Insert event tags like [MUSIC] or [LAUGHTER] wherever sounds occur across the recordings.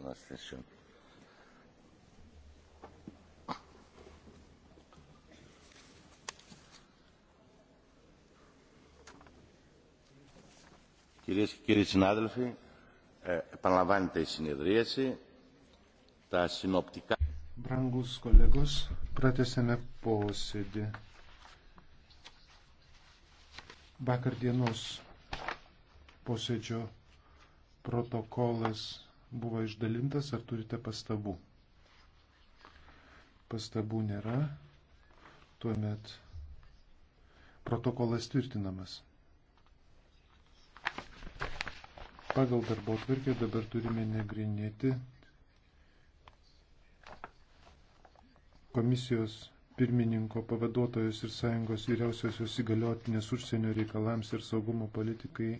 Parnas session. Κυρίες και κύριοι συνάδελφοι, επαναλαμβάνεται η συνεδρίαση. Τα συνοπτικά... Brangus kolegos, pratesėme posėdį. Vakar dienos posėdžio protokolas buvo išdalintas, ar turite pastabų? Pastabų nėra, tuomet protokolas tvirtinamas. Pagal darbo tvarkę dabar turime negrinėti komisijos pirmininko pavaduotojus ir sąjungos vyriausiosios įgaliotinės užsienio reikalams ir saugumo politikai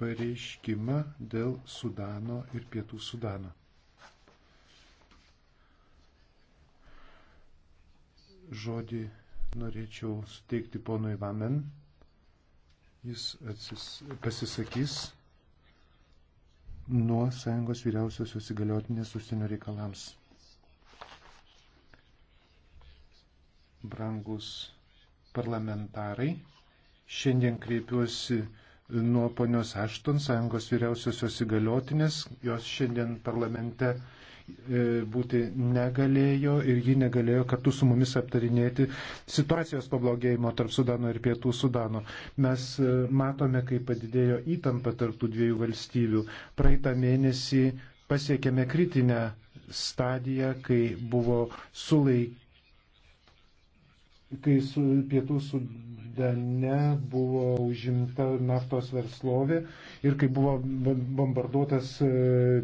pareiškimą dėl Sudano ir Pietų Sudano. Žodį norėčiau suteikti ponui Vamen. Jis atsis, pasisakys nuo Sąjungos vyriausiosios įgaliotinės užsienio reikalams. Brangus parlamentarai, šiandien kreipiuosi nuo ponios Ašton, sąjungos vyriausiosios įgaliotinės. Jos šiandien parlamente e, būti negalėjo ir ji negalėjo kartu su mumis aptarinėti situacijos pablogėjimo tarp Sudano ir Pietų Sudano. Mes e, matome, kaip padidėjo įtampa tarptų dviejų valstybių. Praeitą mėnesį pasiekėme kritinę stadiją, kai buvo sulaikyti kai su pietų sudane buvo užimta naftos verslovė ir kai buvo bombarduotas e,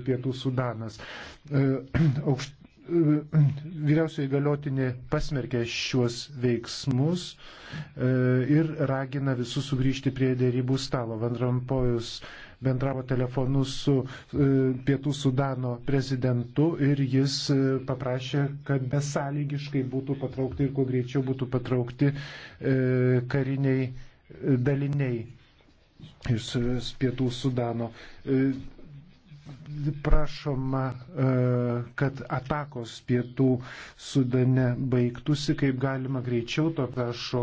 pietų sudanas. E, [CLEARS THROAT] e, [CLEARS THROAT] vyriausioji galiotinė pasmerkė šiuos veiksmus ir ragina visus sugrįžti prie dėrybų stalo. Van Rampojus bendravo telefonu su e, Pietų Sudano prezidentu ir jis e, paprašė, kad besąlygiškai būtų patraukti ir kuo greičiau būtų patraukti e, kariniai daliniai iš Pietų Sudano. Prašoma, kad atakos pietų sudane baigtųsi kaip galima greičiau, to prašo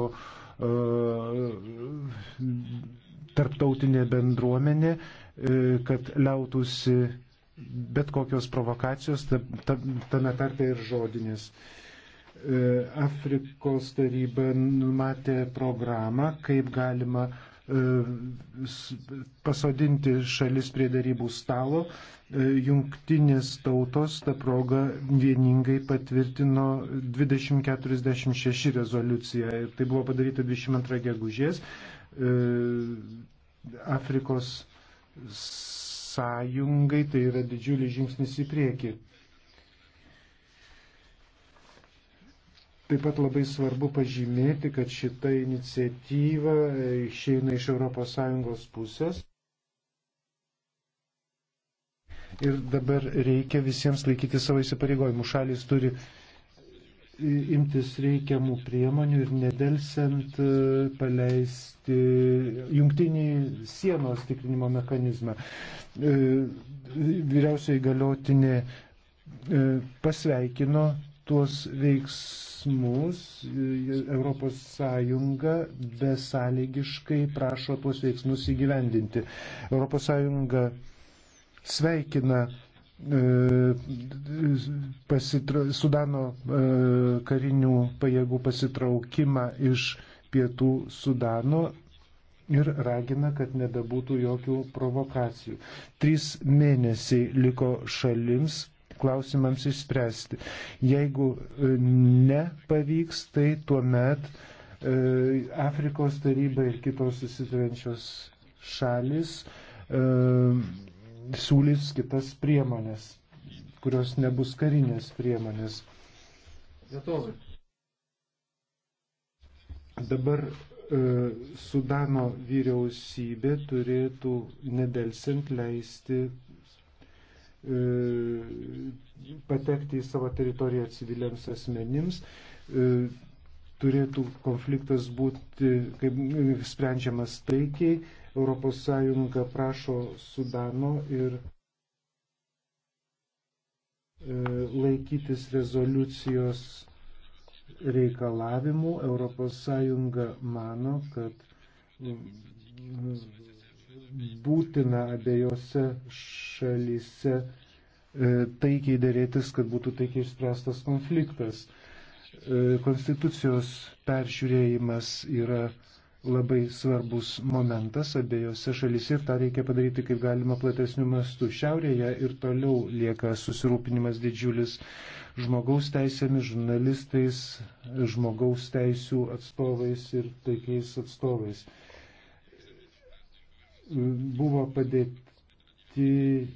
tarptautinė bendruomenė, e, kad liautųsi bet kokios provokacijos, tame tarpe ir žodinės. E, Afrikos taryba numatė programą, kaip galima e, pasodinti šalis prie darybų stalo. Jungtinės tautos tą progą vieningai patvirtino 2046 rezoliuciją ir tai buvo padaryta 22 gegužės. E, Afrikos sąjungai, tai yra didžiulis žingsnis į priekį. Taip pat labai svarbu pažymėti, kad šita iniciatyva e, išeina iš ES pusės. Ir dabar reikia visiems laikyti savo įsipareigojimų. Šalis turi imtis reikiamų priemonių ir nedelsiant e, paleisti jungtinį sienos tikrinimo mechanizmą. E, vyriausiai galiotinė e, pasveikino tuos veiksmus, ES besąlygiškai prašo tuos veiksmus įgyvendinti. ES sveikina E, pasitra, Sudano e, karinių pajėgų pasitraukimą iš pietų Sudano ir ragina, kad nebebūtų jokių provokacijų. Trys mėnesiai liko šalims klausimams išspręsti. Jeigu e, nepavyks, tai tuomet e, Afrikos taryba ir kitos susitrenčios šalis e, siūlys kitas priemonės, kurios nebus karinės priemonės. Zatovai. Dabar e, Sudano vyriausybė turėtų nedelsiant leisti e, patekti į savo teritoriją civiliams asmenims. E, turėtų konfliktas būti kaip, sprendžiamas taikiai, ES prašo Sudano ir e, laikytis rezoliucijos reikalavimų. ES mano, kad mm, būtina abiejose šalyse e, taikiai dėrėtis, kad būtų taikiai išspręstas konfliktas. E, konstitucijos peržiūrėjimas yra labai svarbus momentas abiejose šalyse ir tą reikia padaryti kaip galima platesnių mastų. Šiaurėje ir toliau lieka susirūpinimas didžiulis žmogaus teisėmis, žurnalistais, žmogaus teisų atstovais ir taikiais atstovais. Buvo padėti.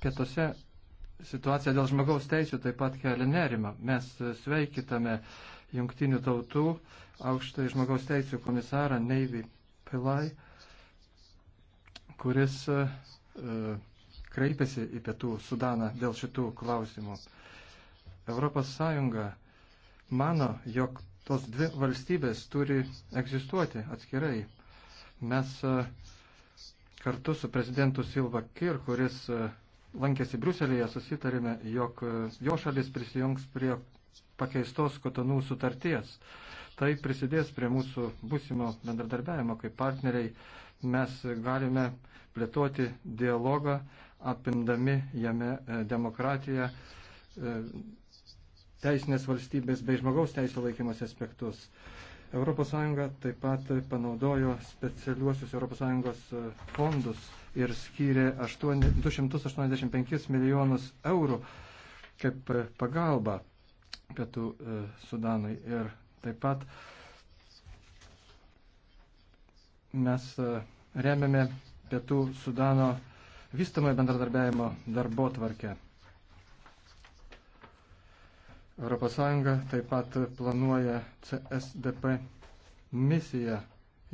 Pietose situacija dėl žmogaus teisų taip pat kelia nerimą. Mes sveikitame uh, jungtinių tautų aukštai žmogaus teisų komisarą Neivi Pilai, kuris e, kreipėsi į pietų Sudaną dėl šitų klausimų. Europos Sąjunga mano, jog tos dvi valstybės turi egzistuoti atskirai. Mes e, kartu su prezidentu Silva Kir, kuris e, lankėsi Bruselėje, susitarėme, jog e, jo šalis prisijungs prie pakeistos kotonų sutarties. Tai prisidės prie mūsų būsimo bendradarbiavimo kaip partneriai. Mes galime plėtoti dialogą, apimdami jame e, demokratiją, e, teisinės valstybės bei žmogaus teisų laikymas aspektus. ES taip pat panaudojo specialiuosius ES e, fondus ir skyrė 8, 285 milijonus eurų kaip pagalba pietų e, Sudanui. Ir taip pat mes e, remiame pietų Sudano vystamojo bendradarbiajimo darbo tvarkę. ES taip pat planuoja CSDP misiją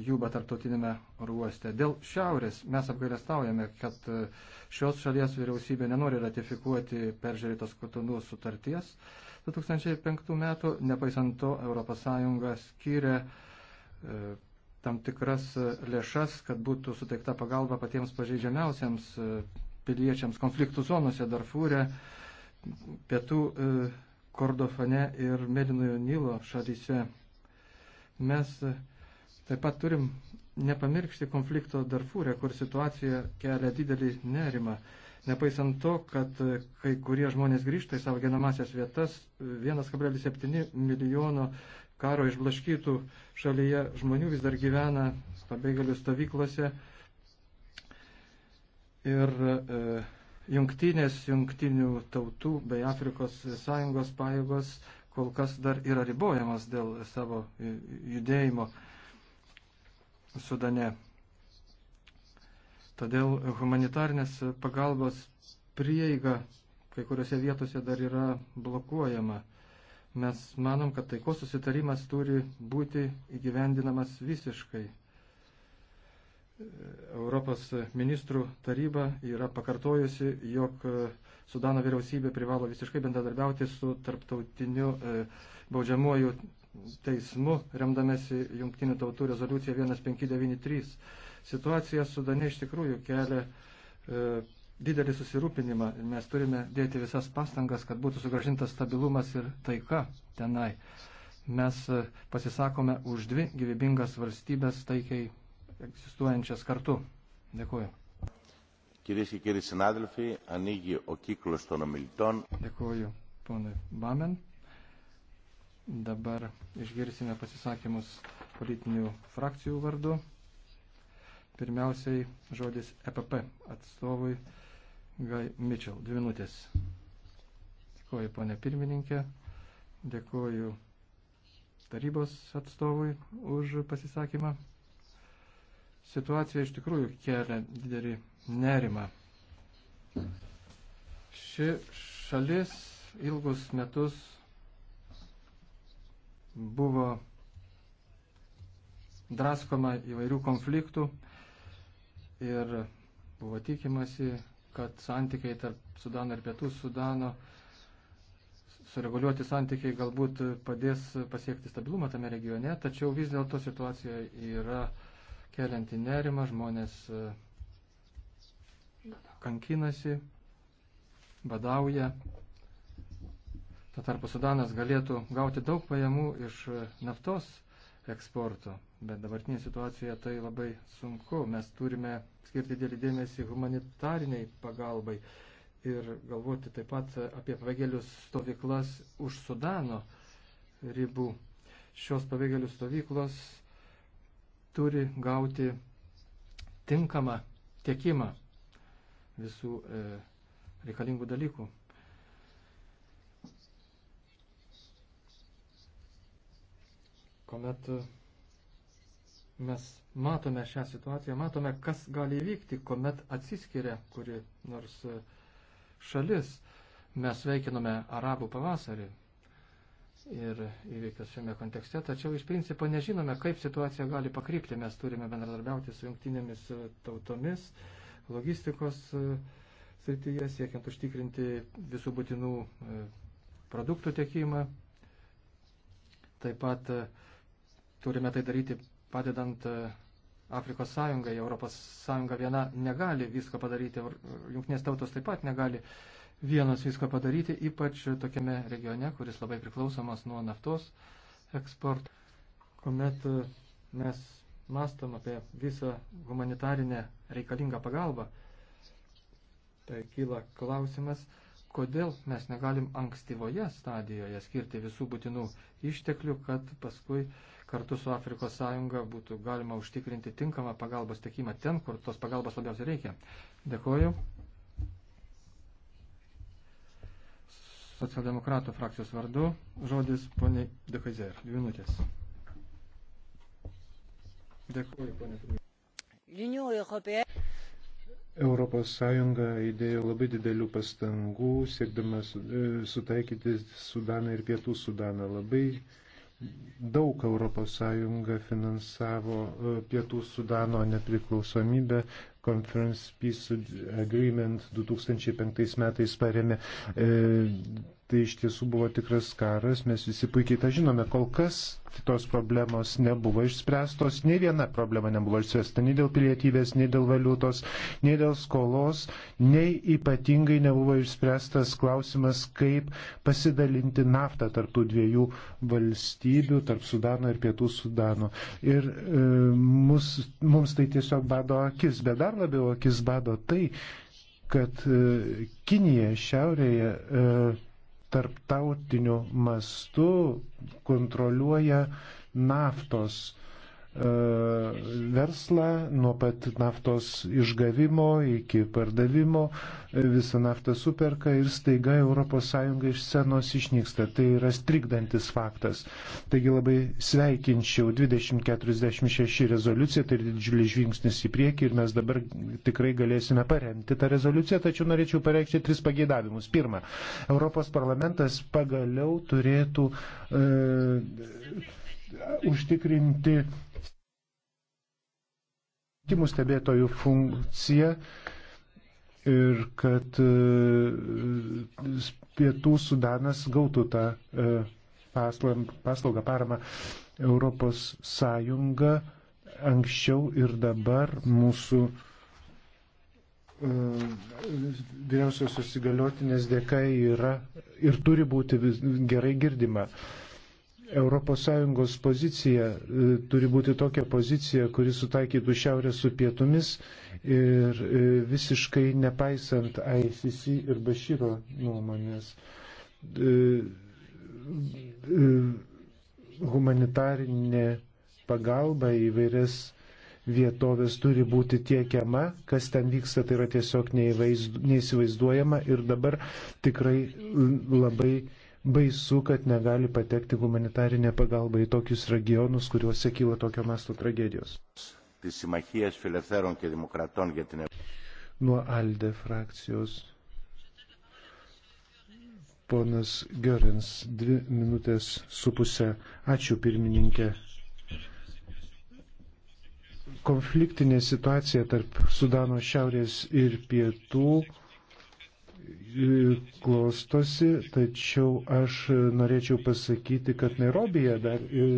Juba tarptautinėme ruoste. Dėl šiaurės mes apgailestaujame, kad e, šios šalies vyriausybė nenori ratifikuoti peržiūrėtos kotonų sutarties. Uh, 2005 metų, nepaisant to ES skyrė e, tam tikras lėšas, kad būtų suteikta pagalba patiems pažeidžiamiausiams e, piliečiams konfliktų zonose Darfūre, Pietų e, Kordofane ir Medinojo Nilo šalyse. Mes taip pat turim nepamiršti konflikto Darfūre, kur situacija kelia didelį nerimą. Nepaisant to, kad kai kurie žmonės grįžta į savo genamasias vietas, 1,7 milijono karo išblaškytų šalyje žmonių vis dar gyvena pabėgėlių stovyklose. Ir e, jungtinės, jungtinių tautų bei Afrikos sąjungos pajėgos kol kas dar yra ribojamas dėl savo e, judėjimo Sudane. Todėl humanitarnės pagalbos prieiga kai kuriuose vietose dar yra blokuojama. Mes manom, kad taikos susitarimas turi būti įgyvendinamas visiškai. Europos ministrų taryba yra pakartojusi, jog Sudano vyriausybė privalo visiškai bendradarbiauti su tarptautiniu e, baudžiamuoju teismu, remdamėsi Junktinių tautų rezoliucija 1593. Situacija Sudane iš tikrųjų kelia e, didelį susirūpinimą. Mes turime dėti visas pastangas, kad būtų sugražintas stabilumas ir taika tenai. Mes e, pasisakome už dvi gyvybingas valstybės taikiai egzistuojančias kartu. Dėkuoju. Κυρίες και κύριοι συνάδελφοι, ανοίγει ο κύκλος των ομιλητών. Dėkuoju, ponai Bamen. Dabar išgirsime pasisakymus politinių frakcijų vardu. Pirmiausiai žodis EPP atstovui Gai Mitchell. Dvi minutės. Dėkuoju, ponė pirmininkė. Dėkuoju tarybos atstovui už pasisakymą. Situacija iš tikrųjų kelia didelį nerimą. Ši šalis ilgus metus buvo draskoma įvairių konfliktų ir buvo tikimasi, kad santykiai tarp Sudano ir Pietų Sudano, sureguliuoti santykiai galbūt padės pasiekti stabilumą tame regione, tačiau vis dėlto situacija yra kelianti nerimą, žmonės e, kankinasi, badauja. Tuo tarpu Sudanas galėtų gauti daug pajamų iš naftos eksporto. Bet dabartinė situacija tai labai sunku. Mes turime skirti didelį dėmesį humanitariniai pagalbai ir galvoti taip pat apie pabėgėlius stovyklas už Sudano ribų. Šios pabėgėlių stovyklos turi gauti tinkamą tiekimą visų e, reikalingų dalykų. kuomet e, mes matome šią situaciją, matome, kas gali įvykti, kuomet atsiskiria kuri nors e, šalis. Mes veikinome arabų pavasarį ir įvykius šiame kontekste, tačiau iš principo nežinome, kaip situacija gali pakrypti. Mes turime bendradarbiauti su jungtinėmis e, tautomis, logistikos srityje, siekiant užtikrinti visų būtinų produktų tiekimą. Taip pat uh, Turime tai daryti padedant e, Afrikos sąjungai. Europos sąjunga viena negali visko padaryti, jungtinės tautos taip pat negali vienos visko padaryti, ypač tokiame regione, kuris labai priklausomas nuo naftos eksporto. Komet e, mes mastom apie visą humanitarinę reikalingą pagalbą, tai kyla klausimas, kodėl mes negalim ankstyvoje stadijoje skirti visų būtinų išteklių, kad paskui uh, kartu su Afrikos Sąjunga būtų galima užtikrinti tinkamą pagalbos tekimą ten, kur tos pagalbos labiausiai reikia. Dėkoju. Socialdemokratų frakcijos vardu žodis poniai Dekaizer. Dvi minutės. Dėkoju, ponė pirmininkė. Europos Sąjunga įdėjo labai didelių pastangų, siekdama e, sutaikyti Sudaną ir Pietų Sudaną. Labai daug ES finansavo e, Pietų Sudano nepriklausomybę. Conference Peace Agreement 2005 metais paremė e, tai iš tiesų buvo tikras karas, mes visi puikiai tą žinome. Kol kas kitos problemos nebuvo išspręstos, nei viena problema nebuvo išspręsta, nei dėl pilietybės, nei dėl valiutos, nei dėl skolos, nei ypatingai nebuvo išspręstas klausimas, kaip pasidalinti naftą tarp tų dviejų valstybių, tarp Sudano ir Pietų Sudano. Ir e, mus, mums tai tiesiog bado akis, bet dar labiau akis bado tai, kad e, Kinija šiaurėje e, tarptautiniu mastu kontroliuoja naftos E, verslą nuo pat naftos išgavimo iki pardavimo, e, visą naftą superka ir staiga ES iš senos išnyksta. Tai yra strikdantis faktas. Taigi labai sveikinčiau 2046 rezoliuciją, tai didžiulis žingsnis į priekį ir mes dabar tikrai galėsime paremti tą rezoliuciją, tačiau norėčiau pareikšti tris pageidavimus. Pirma, Europos parlamentas pagaliau turėtų e, užtikrinti rinkimų stebėtojų funkciją ir kad e, pietų Sudanas gautų tą e, paslaugą paramą Europos Sąjunga anksčiau ir dabar mūsų e, vyriausios susigaliotinės dėka yra ir turi būti gerai girdima. ES pozicija e, turi būti tokia pozicija, kuri sutaikytų šiaurę su pietumis ir e, visiškai nepaisant ICC ir Bašyro nuomonės. E, humanitarinė pagalba įvairias vietovės turi būti tiekiama, kas ten vyksta, tai yra tiesiog neįsivaizduojama ir dabar tikrai labai baisu, kad negali patekti humanitarinė pagalba į tokius regionus, kuriuose kyla tokio masto tragedijos. Nuo Alde frakcijos ponas Görens, dvi minutės su pusę. Ačiū pirmininkė. Konfliktinė situacija tarp Sudano šiaurės ir pietų klostosi, tačiau aš norėčiau pasakyti, kad Nairobija dar e,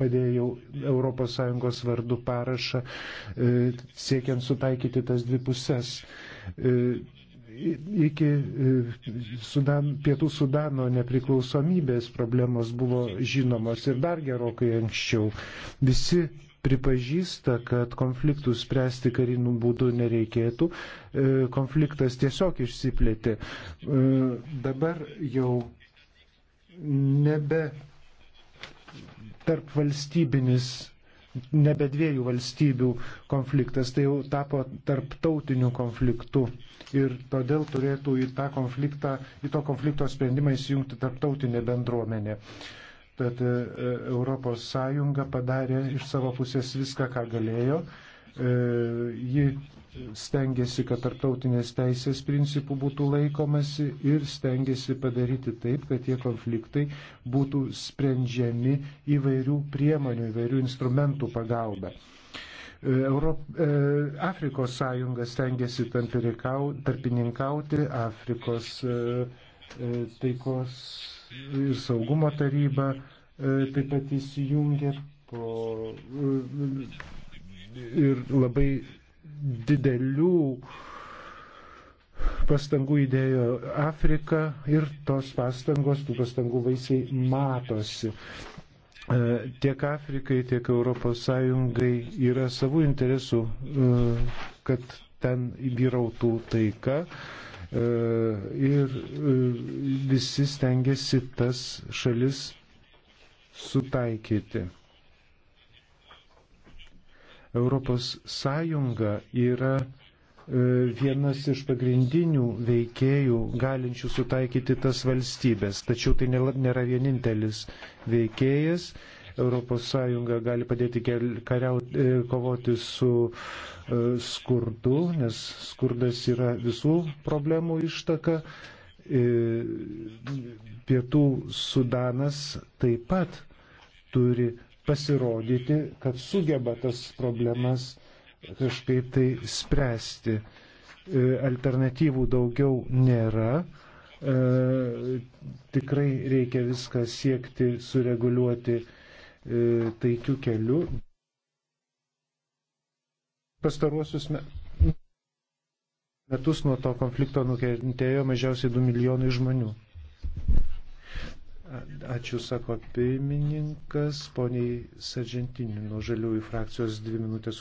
padėjau ES vardu parašą e, siekiant sutaikyti tas dvi pusės. E, iki Sudan, pietų Sudano nepriklausomybės problemos buvo žinomos ir dar gerokai anksčiau. Visi pripažįsta, kad konfliktų spręsti karinų būdų nereikėtų. E, konfliktas tiesiog išsiplėtė. E, dabar jau nebe tarp valstybinis nebe dviejų valstybių konfliktas, tai jau tapo tarptautiniu konfliktu. Ir todėl turėtų į, tą konfliktą, į to konflikto sprendimą įsijungti tarptautinė bendruomenė. Uh, Tad e, Europos Sąjunga padarė iš savo pusės viską, ką galėjo. E, ji stengiasi, kad tarptautinės teisės principų būtų laikomasi ir stengiasi padaryti taip, kad tie konfliktai būtų sprendžiami įvairių priemonių, įvairių instrumentų pagalba. E, Europ... Afrikos sąjunga stengiasi tarpininkauti Afrikos taikos ir saugumo taryba e, taip pat įsijungė po, e, ir labai didelių pastangų įdėjo Afrika ir tos pastangos, tų pastangų vaisiai matosi. E, tiek Afrikai, tiek ES yra savų interesų, kad ten vyrautų taika. E, ir e, visi stengiasi tas šalis sutaikyti. Europos Sąjunga yra e, vienas iš pagrindinių veikėjų galinčių sutaikyti tas valstybės, tačiau tai nėra vienintelis veikėjas ES gali padėti kariauti, e, kovoti su e, skurdu, nes skurdas yra visų problemų ištaka. E, Pietų Sudanas taip pat turi pasirodyti, kad sugeba tas problemas kažkaip tai spręsti. Alternatyvų daugiau nėra. E, tikrai reikia viską siekti sureguliuoti E, taikių kelių. Pastaruosius metus nuo to konflikto nukentėjo mažiausiai 2 milijonai žmonių. Ačiū, sako pirmininkas, poniai Sargentiniu nuo žaliųjų frakcijos dvi minutės.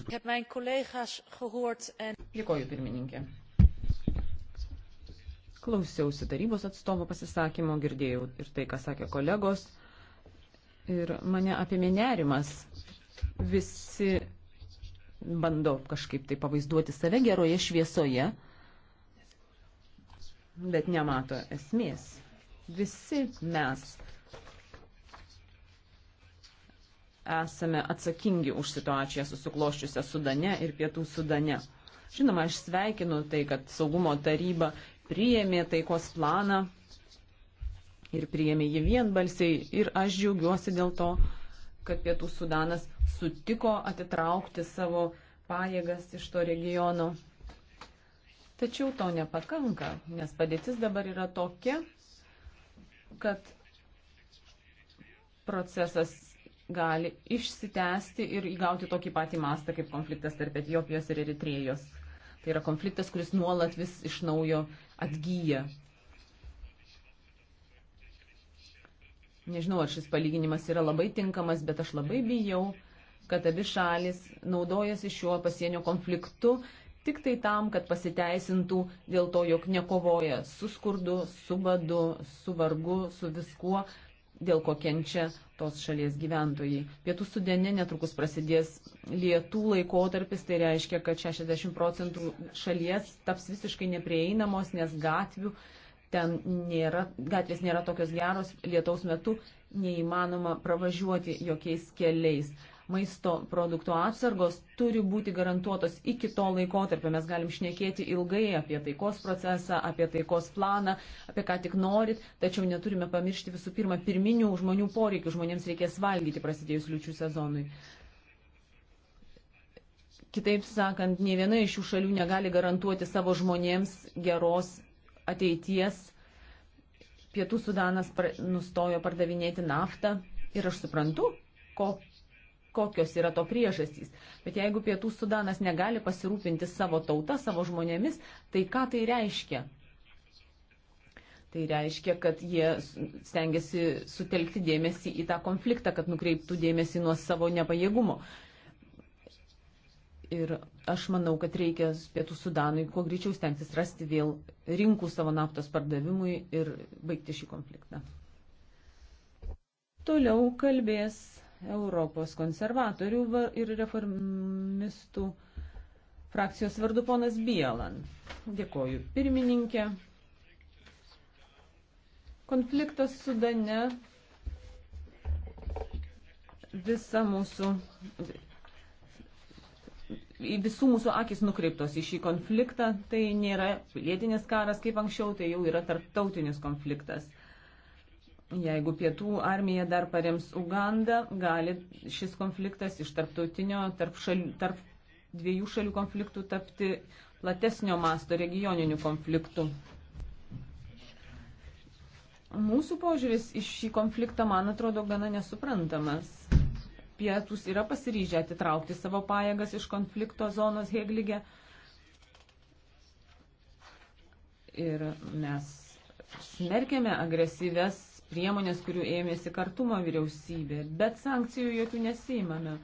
Dėkoju, pirmininkė. Klausiausi tarybos atstovo pasisakymo, girdėjau ir tai, ką sakė kolegos ir mane apėmė nerimas. Visi bando kažkaip tai pavaizduoti save geroje šviesoje, bet nemato esmės. Visi mes esame atsakingi už situaciją susikloščiusią Sudane ir Pietų Sudane. Žinoma, aš sveikinu tai, kad saugumo taryba priėmė taikos planą ir priėmė jį vienbalsiai. Ir aš džiaugiuosi dėl to, kad Pietų Sudanas sutiko atitraukti savo pajėgas iš to regiono. Tačiau to nepakanka, nes padėtis dabar yra tokia, kad procesas gali išsitęsti ir įgauti tokį patį mastą kaip konfliktas tarp Etijopijos ir Eritrėjos. Tai yra konfliktas, kuris nuolat vis iš naujo atgyja. Nežinau, ar šis palyginimas yra labai tinkamas, bet aš labai bijau, kad abi šalis naudojasi šiuo pasienio konfliktu tik tai tam, kad pasiteisintų dėl to, jog nekovoja su skurdu, su badu, su vargu, su viskuo, dėl ko kenčia tos šalies gyventojai. Pietų sudene netrukus prasidės lietų laikotarpis, tai reiškia, kad 60 procentų šalies taps visiškai neprieinamos, nes gatvių ten nėra, gatvės nėra tokios geros, lietaus metu neįmanoma pravažiuoti jokiais keliais. Maisto produktų atsargos turi būti garantuotos iki to laikotarpio. Mes galim šnekėti ilgai apie taikos procesą, apie taikos planą, apie ką tik norit, tačiau neturime pamiršti visų pirma pirminių žmonių poreikių. Žmonėms reikės valgyti prasidėjus liučių sezonui. Kitaip sakant, ne viena iš šių šalių negali garantuoti savo žmonėms geros ateities Pietų Sudanas nustojo pardavinėti naftą ir aš suprantu, ko, kokios yra to priežastys. Bet jeigu Pietų Sudanas negali pasirūpinti savo tautą, savo žmonėmis, tai ką tai reiškia? Tai reiškia, kad jie stengiasi sutelkti dėmesį į tą konfliktą, kad nukreiptų dėmesį nuo savo nepajėgumo. Ir aš manau, kad reikia Pietų Sudanui kuo greičiau stengtis rasti vėl rinkų savo naftos pardavimui ir baigti šį konfliktą. Toliau kalbės Europos konservatorių ir reformistų frakcijos vardu ponas Bielan. Dėkoju pirmininkė. Konfliktas Sudane visa mūsų visų mūsų akis nukreiptos į šį konfliktą. Tai nėra pilietinis karas kaip anksčiau, tai jau yra tarptautinis konfliktas. Jeigu pietų armija dar parems Ugandą, gali šis konfliktas iš tarptautinio, tarp, šal, tarp dviejų šalių konfliktų tapti platesnio masto regioniniu konfliktu. Mūsų požiūris iš šį konfliktą, man atrodo, gana nesuprantamas pietus yra pasiryžę atitraukti savo pajėgas iš konflikto zonos Heglige. Ir mes smerkėme agresyves priemonės, kurių ėmėsi kartumo vyriausybė, bet sankcijų jokių nesimame.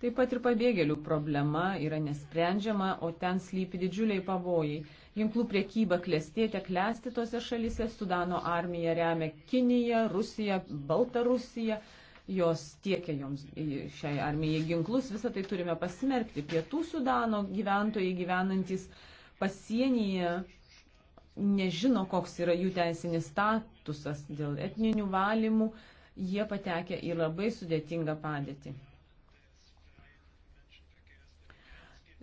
Taip pat ir pabėgėlių problema yra nesprendžiama, o ten slypi didžiuliai pavojai. Ginklų priekyba klestėtė klesti tose šalise, Sudano armija remia Kiniją, Rusiją, Baltarusiją jos tiekia joms šiai armijai ginklus, visą tai turime pasmerkti. Pietų Sudano gyventojai gyvenantis pasienyje nežino, koks yra jų teisinis statusas dėl etninių valymų, jie patekia į labai sudėtingą padėtį.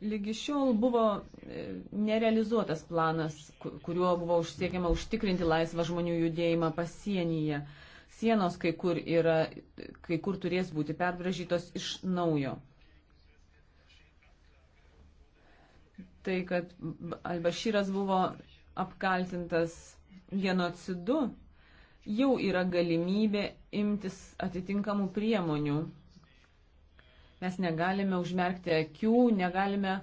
Lygi šiol buvo e, nerealizuotas planas, kuriuo buvo užsiekiama užtikrinti laisvą žmonių judėjimą pasienyje sienos kai kur, yra, kai kur turės būti perbražytos iš naujo. Tai, kad Albašyras buvo apkaltintas genocidu, jau yra galimybė imtis atitinkamų priemonių. Mes negalime užmerkti akių, negalime,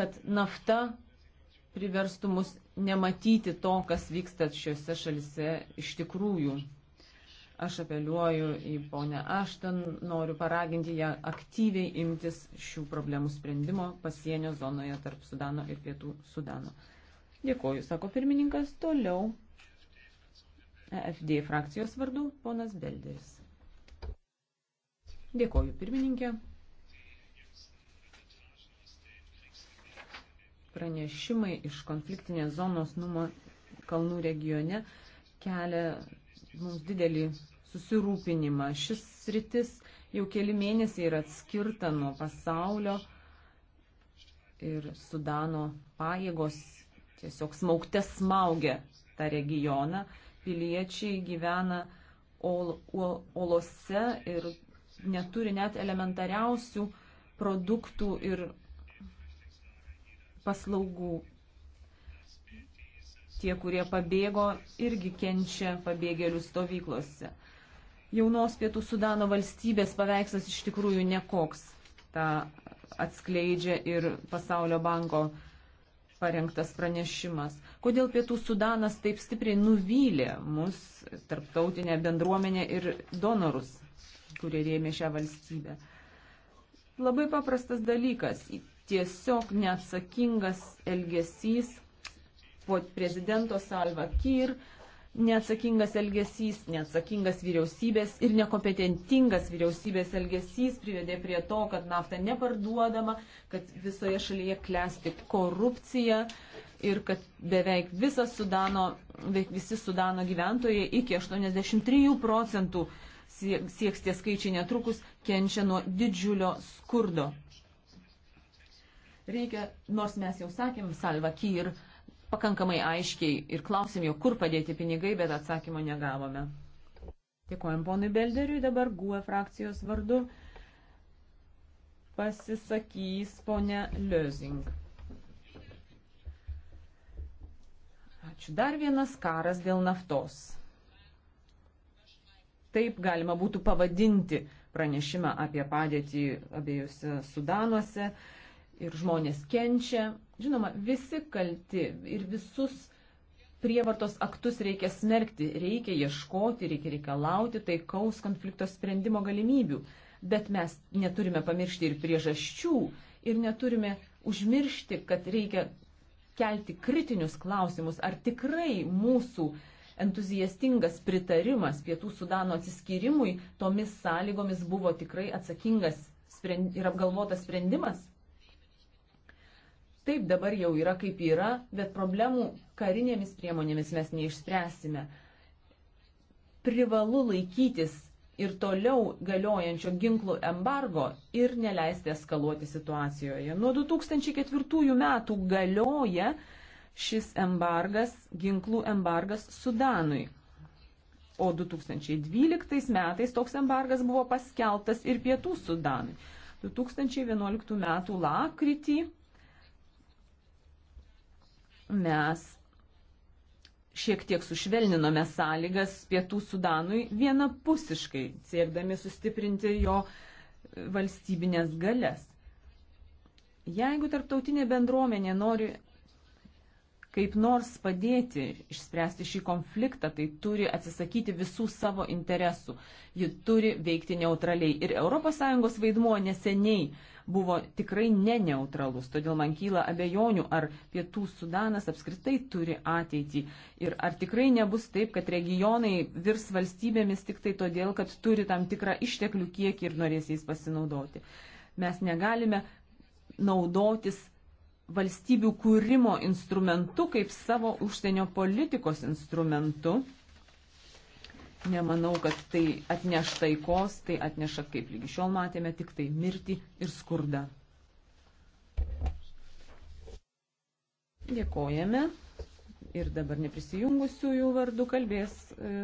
kad nafta priverstų mus nematyti to, kas vyksta šiuose šalise iš tikrųjų. Aš apeliuoju į ponę Ašton, noriu paraginti ją aktyviai imtis šių problemų sprendimo pasienio zonoje tarp Sudano ir Pietų Sudano. Dėkoju, sako pirmininkas. Toliau EFD frakcijos vardu ponas Belderis. Dėkoju, pirmininkė. Pranešimai iš konfliktinės zonos Numo kalnų regione kelia mums didelį susirūpinimą. Šis sritis jau keli mėnesiai yra atskirta nuo pasaulio ir Sudano pajėgos tiesiog smaugte smaugia tą regioną. Piliečiai gyvena ol, ol, olose ir neturi net elementariausių produktų ir paslaugų. Tie, kurie pabėgo, irgi kenčia pabėgėlių stovyklose jaunos pietų Sudano valstybės paveikslas iš tikrųjų nekoks. Ta atskleidžia ir Pasaulio banko parengtas pranešimas. Kodėl pietų Sudanas taip stipriai nuvylė mus, tarptautinę bendruomenę ir donorus, kurie rėmė šią valstybę? Labai paprastas dalykas tiesiog neatsakingas elgesys po prezidento Salva Kyr neatsakingas elgesys, neatsakingas vyriausybės ir nekompetentingas vyriausybės elgesys privedė prie to, kad nafta neparduodama, kad visoje šalyje klesti korupcija ir kad beveik visas Sudano, beveik visi Sudano gyventojai iki 83 procentų sieks tie skaičiai netrukus kenčia nuo didžiulio skurdo. Reikia, nors mes jau sakėm, Salva Kyr, pakankamai aiškiai ir klausėm jo, kur padėti pinigai, bet atsakymo negavome. Dėkojom ponui Belderiui, dabar GUE frakcijos vardu pasisakys ponė Liozing. Ačiū. Dar vienas karas dėl naftos. Taip galima būtų pavadinti pranešimą apie padėtį abiejose Sudanuose ir žmonės kenčia, Žinoma, visi kalti ir visus prievartos aktus reikia smerkti, reikia ieškoti, reikia reikalauti taikaus konflikto sprendimo galimybių. Bet mes neturime pamiršti ir priežasčių ir neturime užmiršti, kad reikia kelti kritinius klausimus, ar tikrai mūsų entuziastingas pritarimas Pietų Sudano atsiskyrimui tomis sąlygomis buvo tikrai atsakingas ir apgalvotas sprendimas. Taip dabar jau yra kaip yra, bet problemų karinėmis priemonėmis mes neišspręsime. Privalu laikytis ir toliau galiojančio ginklų embargo ir neleisti eskaluoti situacijoje. Nuo 2004 metų galioja šis embargas, ginklų embargas Sudanui. O 2012 metais toks embargas buvo paskeltas ir Pietų Sudanui. 2011 metų lakrytį mes šiek tiek sušvelninome sąlygas Pietų Sudanui vienapusiškai, siekdami sustiprinti jo valstybinės galės. Jeigu tarptautinė bendruomenė nori kaip nors padėti išspręsti šį konfliktą, tai turi atsisakyti visų savo interesų. Ji turi veikti neutraliai. Ir ES vaidmuo neseniai buvo tikrai neneutralus. Todėl man kyla abejonių, ar pietų Sudanas apskritai turi ateitį ir ar tikrai nebus taip, kad regionai virs valstybėmis tik tai todėl, kad turi tam tikrą išteklių kiekį ir norės jais pasinaudoti. Mes negalime naudotis valstybių kūrimo instrumentu kaip savo užsienio politikos instrumentu Nemanau, kad tai atneš taikos, tai atneša, kaip lygi šiol matėme, tik tai mirtį ir skurdą. Dėkojame. Ir dabar neprisijungusiųjų vardų kalbės e,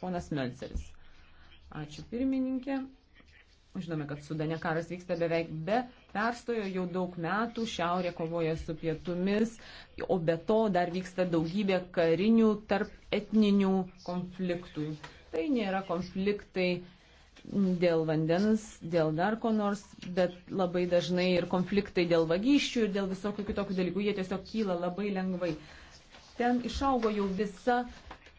ponas Melceris. Ačiū pirmininkė. Žinome, kad Sudane karas vyksta beveik be perstojo jau daug metų, šiaurė kovoja su pietumis, o be to dar vyksta daugybė karinių tarp etninių konfliktų. Tai nėra konfliktai dėl vandens, dėl dar ko nors, bet labai dažnai ir konfliktai dėl vagysčių ir dėl visokių kitokių dalykų, jie tiesiog kyla labai lengvai. Ten išaugo jau visa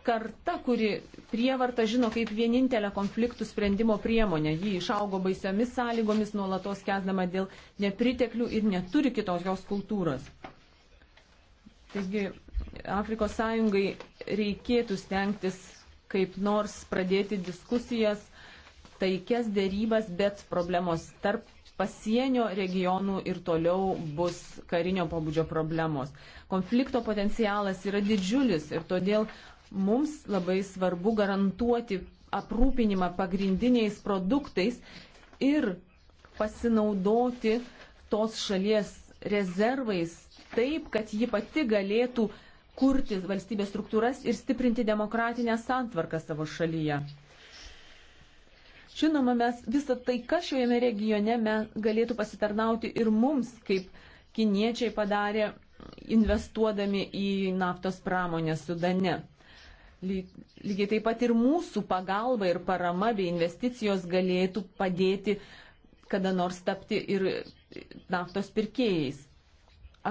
karta, kuri prievarta žino kaip vienintelę konfliktų sprendimo priemonę. Ji išaugo baisiomis sąlygomis, nuolatos kesdama dėl nepriteklių ir neturi kitos jos kultūros. Taigi Afrikos sąjungai reikėtų stengtis kaip nors pradėti diskusijas, taikės dėrybas, bet problemos tarp pasienio regionų ir toliau bus karinio pabudžio problemos. Konflikto potencialas yra didžiulis ir todėl Mums labai svarbu garantuoti aprūpinimą pagrindiniais produktais ir pasinaudoti tos šalies rezervais taip, kad ji pati galėtų kurti valstybės struktūras ir stiprinti demokratinę santvarką savo šalyje. Žinoma, mes visą tai, kas šioje regione galėtų pasitarnauti ir mums, kaip kiniečiai padarė investuodami į naftos pramonę Sudane. Lygiai taip pat ir mūsų pagalba ir parama bei investicijos galėtų padėti kada nors tapti ir naftos pirkėjais.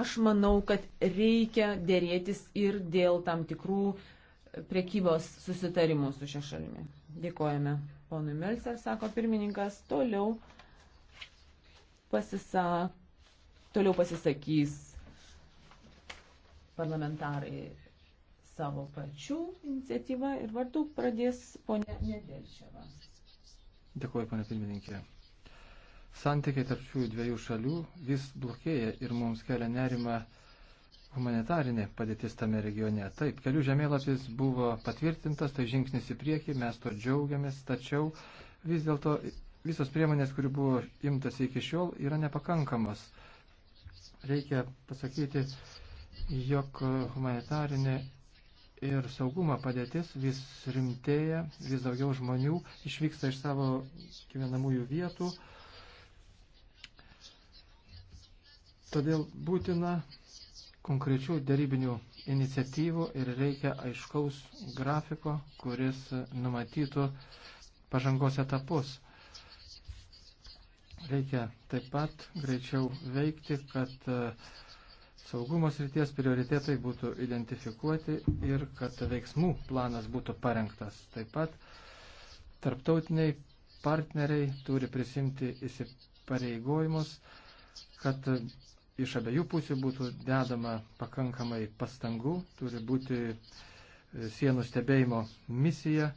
Aš manau, kad reikia dėrėtis ir dėl tam tikrų priekybos susitarimų su šia šalimi. Dėkojame ponui Melser, sako pirmininkas. Toliau, pasisa, toliau pasisakys parlamentarai savo pačių iniciatyvą ir vardu pradės ponė Nedelčiava. Dėkuoju, ponė pirmininkė. Santykiai tarp šių dviejų šalių vis blokėja ir mums kelia nerima humanitarinė padėtis tame regione. Taip, kelių žemėlapis buvo patvirtintas, tai žingsnis į priekį, mes to džiaugiamės, tačiau vis dėlto visos priemonės, kurių buvo imtas iki šiol, yra nepakankamos. Reikia pasakyti, jog humanitarinė ir saugumo padėtis vis rimtėja, vis daugiau žmonių išvyksta iš savo gyvenamųjų vietų. Todėl būtina konkrečių darybinių iniciatyvų ir reikia aiškaus grafiko, kuris numatytų pažangos etapus. Reikia taip pat greičiau veikti, kad uh, saugumos ryties prioritetai būtų identifikuoti ir kad veiksmų planas būtų parengtas. Taip pat tarptautiniai partneriai turi prisimti įsipareigojimus, kad iš abiejų pusių būtų dedama pakankamai pastangų, turi būti e, sienų stebėjimo misija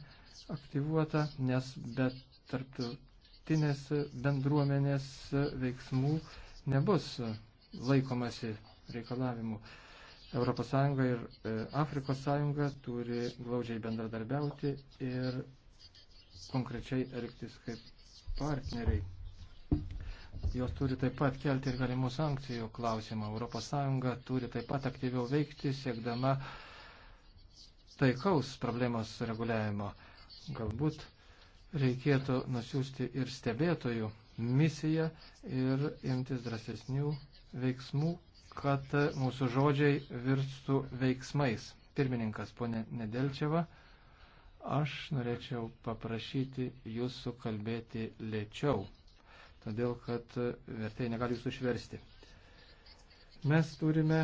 aktyvuota, nes be tarptautinės bendruomenės veiksmų nebus laikomasi reikalavimų. ES ir e, Afrikos sąjunga turi glaudžiai bendradarbiauti ir konkrečiai elgtis kaip partneriai. Jos turi taip pat kelti ir galimų sankcijų klausimą. ES turi taip pat aktyviau veikti, siekdama taikaus problemos reguliavimo. Galbūt reikėtų nusiųsti ir stebėtojų misiją ir imtis drąsesnių veiksmų, kad mūsų žodžiai virstų veiksmais. Pirmininkas, ponė Nedelčiava, aš norėčiau paprašyti jūsų kalbėti lėčiau, todėl kad vertėjai negali jūsų išversti. Mes turime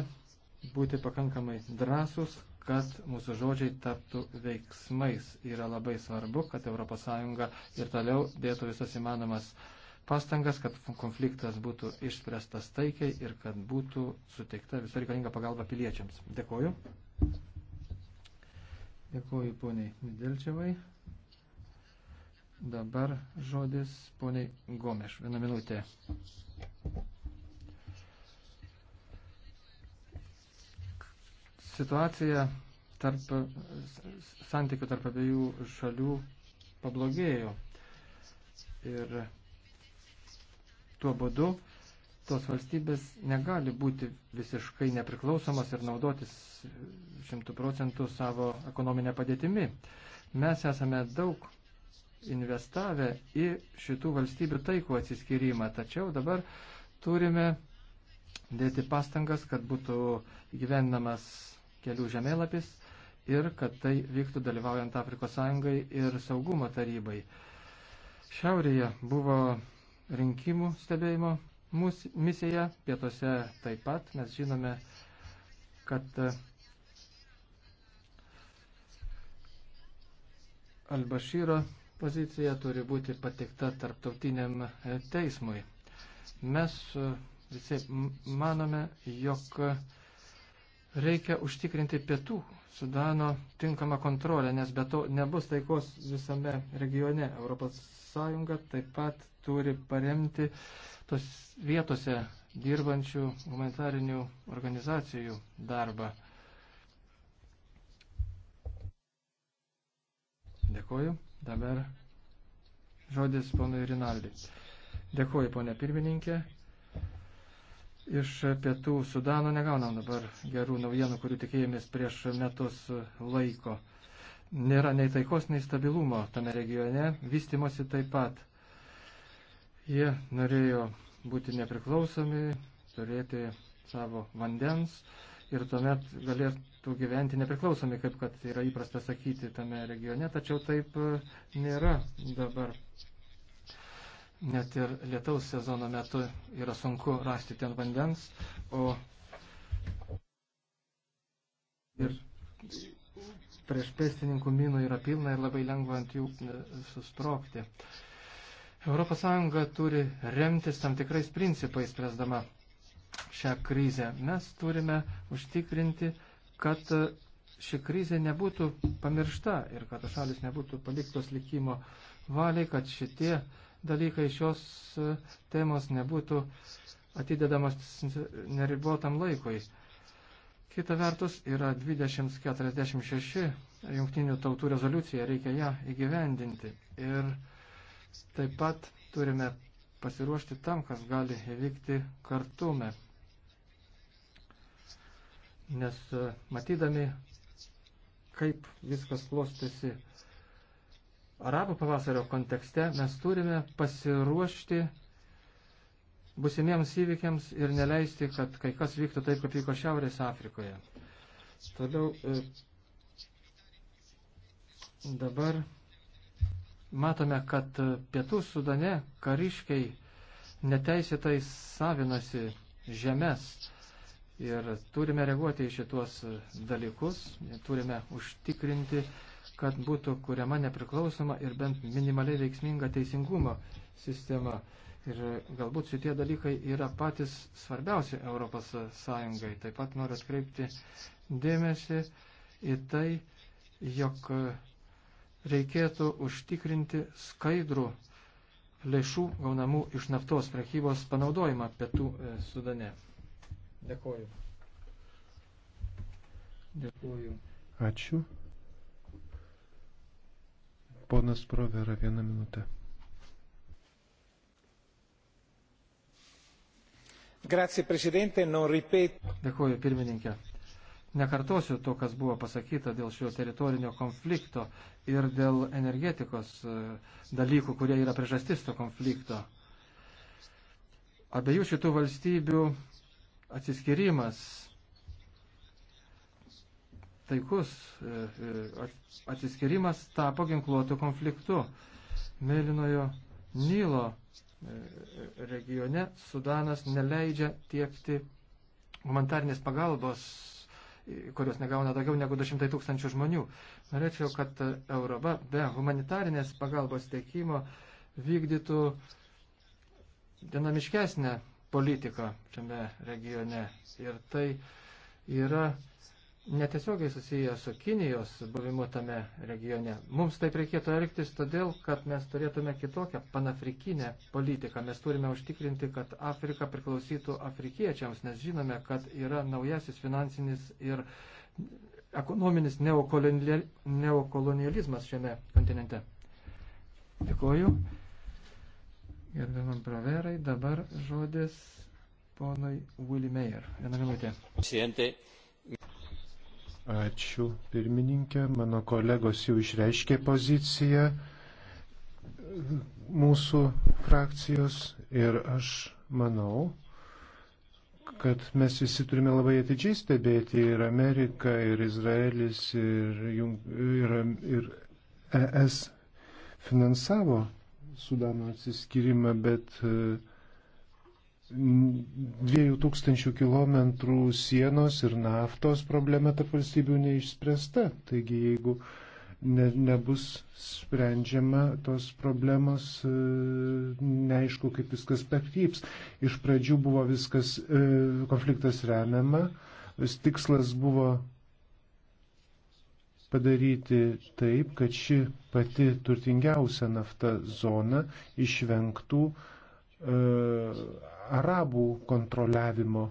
būti pakankamai drąsus, kad mūsų žodžiai taptų veiksmais. Yra labai svarbu, kad ES ir toliau dėtų visas įmanomas uh, pastangas, kad konfliktas būtų išspręstas taikiai ir kad būtų suteikta visą reikalingą pagalbą piliečiams. Dėkoju. Dėkoju poniai Midelčiavai. Dabar žodis poniai Gomeš. Vieną minutę. Situacija tarp santykių tarp abiejų šalių pablogėjo. Ir Tuo būdu tos valstybės negali būti visiškai nepriklausomas ir naudotis šimtų procentų savo ekonominę padėtimi. Mes esame daug investavę į šitų valstybių taikų atsiskyrimą, tačiau dabar turime dėti pastangas, kad būtų gyvenamas kelių žemėlapis ir kad tai vyktų dalyvaujant Afrikos Sąjungai ir saugumo tarybai. Šiaurėje buvo rinkimų stebėjimo misija. Pietose taip pat mes žinome, kad eh, Albašyro pozicija turi būti patikta tarptautiniam eh, teismui. Mes eh, visi manome, jog reikia užtikrinti pietų Sudano tinkamą kontrolę, nes be to nebus taikos visame regione. Europos taip pat turi paremti tos vietose dirbančių humanitarinių organizacijų darbą. Dėkoju. Dabar žodis ponui Rinaldi. Dėkoju, ponė pirmininkė. Iš pietų Sudano negaunam dabar gerų naujienų, kurių tikėjomės prieš metus laiko nėra nei taikos, nei stabilumo tame regione, vystimosi taip pat. Jie norėjo būti nepriklausomi, turėti savo vandens ir tuomet galėtų gyventi nepriklausomi, kaip kad yra įprasta sakyti tame regione, tačiau taip e, nėra dabar. Net ir lietaus sezono metu yra sunku rasti ten vandens, o ir prieš pėstininkų minų yra pilna ir labai lengva ant jų e, susprokti. ES turi remtis tam tikrais principais, spręsdama šią krizę. Mes turime užtikrinti, kad e, ši krizė nebūtų pamiršta ir kad šalis nebūtų paliktos likimo valiai, kad šitie dalykai šios e, temos nebūtų atidedamas neribotam laikui. Kita vertus yra 2046 jungtinių tautų rezoliucija, reikia ją įgyvendinti. Ir taip pat turime pasiruošti tam, kas gali įvykti kartume. Nes e, matydami, kaip viskas klostėsi arabų pavasario kontekste, mes turime pasiruošti busimiems įvykiams ir neleisti, kad kai kas vyktų taip, kaip vyko Šiaurės Afrikoje. Toliau e, dabar matome, kad pietų sudane kariškiai neteisėtai savinasi žemės ir turime reaguoti į šitos dalykus, turime užtikrinti, kad būtų kuriama nepriklausoma ir bent minimaliai veiksminga teisingumo sistema. Ir galbūt šitie dalykai yra patys svarbiausi Europos Sąjungai. Taip pat noriu atkreipti dėmesį į tai, jog reikėtų užtikrinti skaidrų lėšų gaunamų iš naftos prekybos panaudojimą pietų e, Sudane. Dėkoju. Dėkoju. Ačiū. Ponas Provera, vieną minutę. Grazie, prezidente, non ripet. Dėkuoju, pirmininkė. Nekartosiu to, kas buvo pasakyta dėl šio teritorinio konflikto ir dėl energetikos e, dalykų, kurie yra priežastis to konflikto. Abiejų šitų valstybių atsiskirimas, taikus e, e, atsiskirimas tapo ginkluotų konfliktų. Mėlynojo Nilo regione Sudanas neleidžia tiekti humanitarnės pagalbos, kurios negauna daugiau negu 200 tūkstančių žmonių. Norėčiau, kad Europa be humanitarnės pagalbos teikimo vykdytų dinamiškesnę politiką šiame regione. Ir tai yra netiesiogiai susijęs su Kinijos buvimu tame regione. Mums taip reikėtų elgtis todėl, kad mes turėtume kitokią panafrikinę politiką. Mes turime užtikrinti, kad Afrika priklausytų afrikiečiams, nes žinome, kad yra naujasis finansinis ir ekonominis neokolonializmas šiame kontinente. Dėkuoju. Gerbiamam praverai, dabar žodis ponui Willy Mayer. Vieną minutę. Presidente. Ačiū pirmininkė, mano kolegos jau išreiškė poziciją mūsų frakcijos ir aš manau, kad mes visi turime labai atidžiai stebėti ir Ameriką, ir Izraelis, ir, ir, ir ES finansavo Sudano atsiskyrimą, bet uh, 2000 km sienos ir naftos problema tarp valstybių neišspręsta. Taigi jeigu ne, nebus sprendžiama tos problemos, e, neaišku, kaip viskas pakryps. Iš pradžių buvo viskas, e, konfliktas remiama, tikslas buvo padaryti taip, kad ši pati turtingiausia nafta zona išvengtų e, arabų kontroliavimo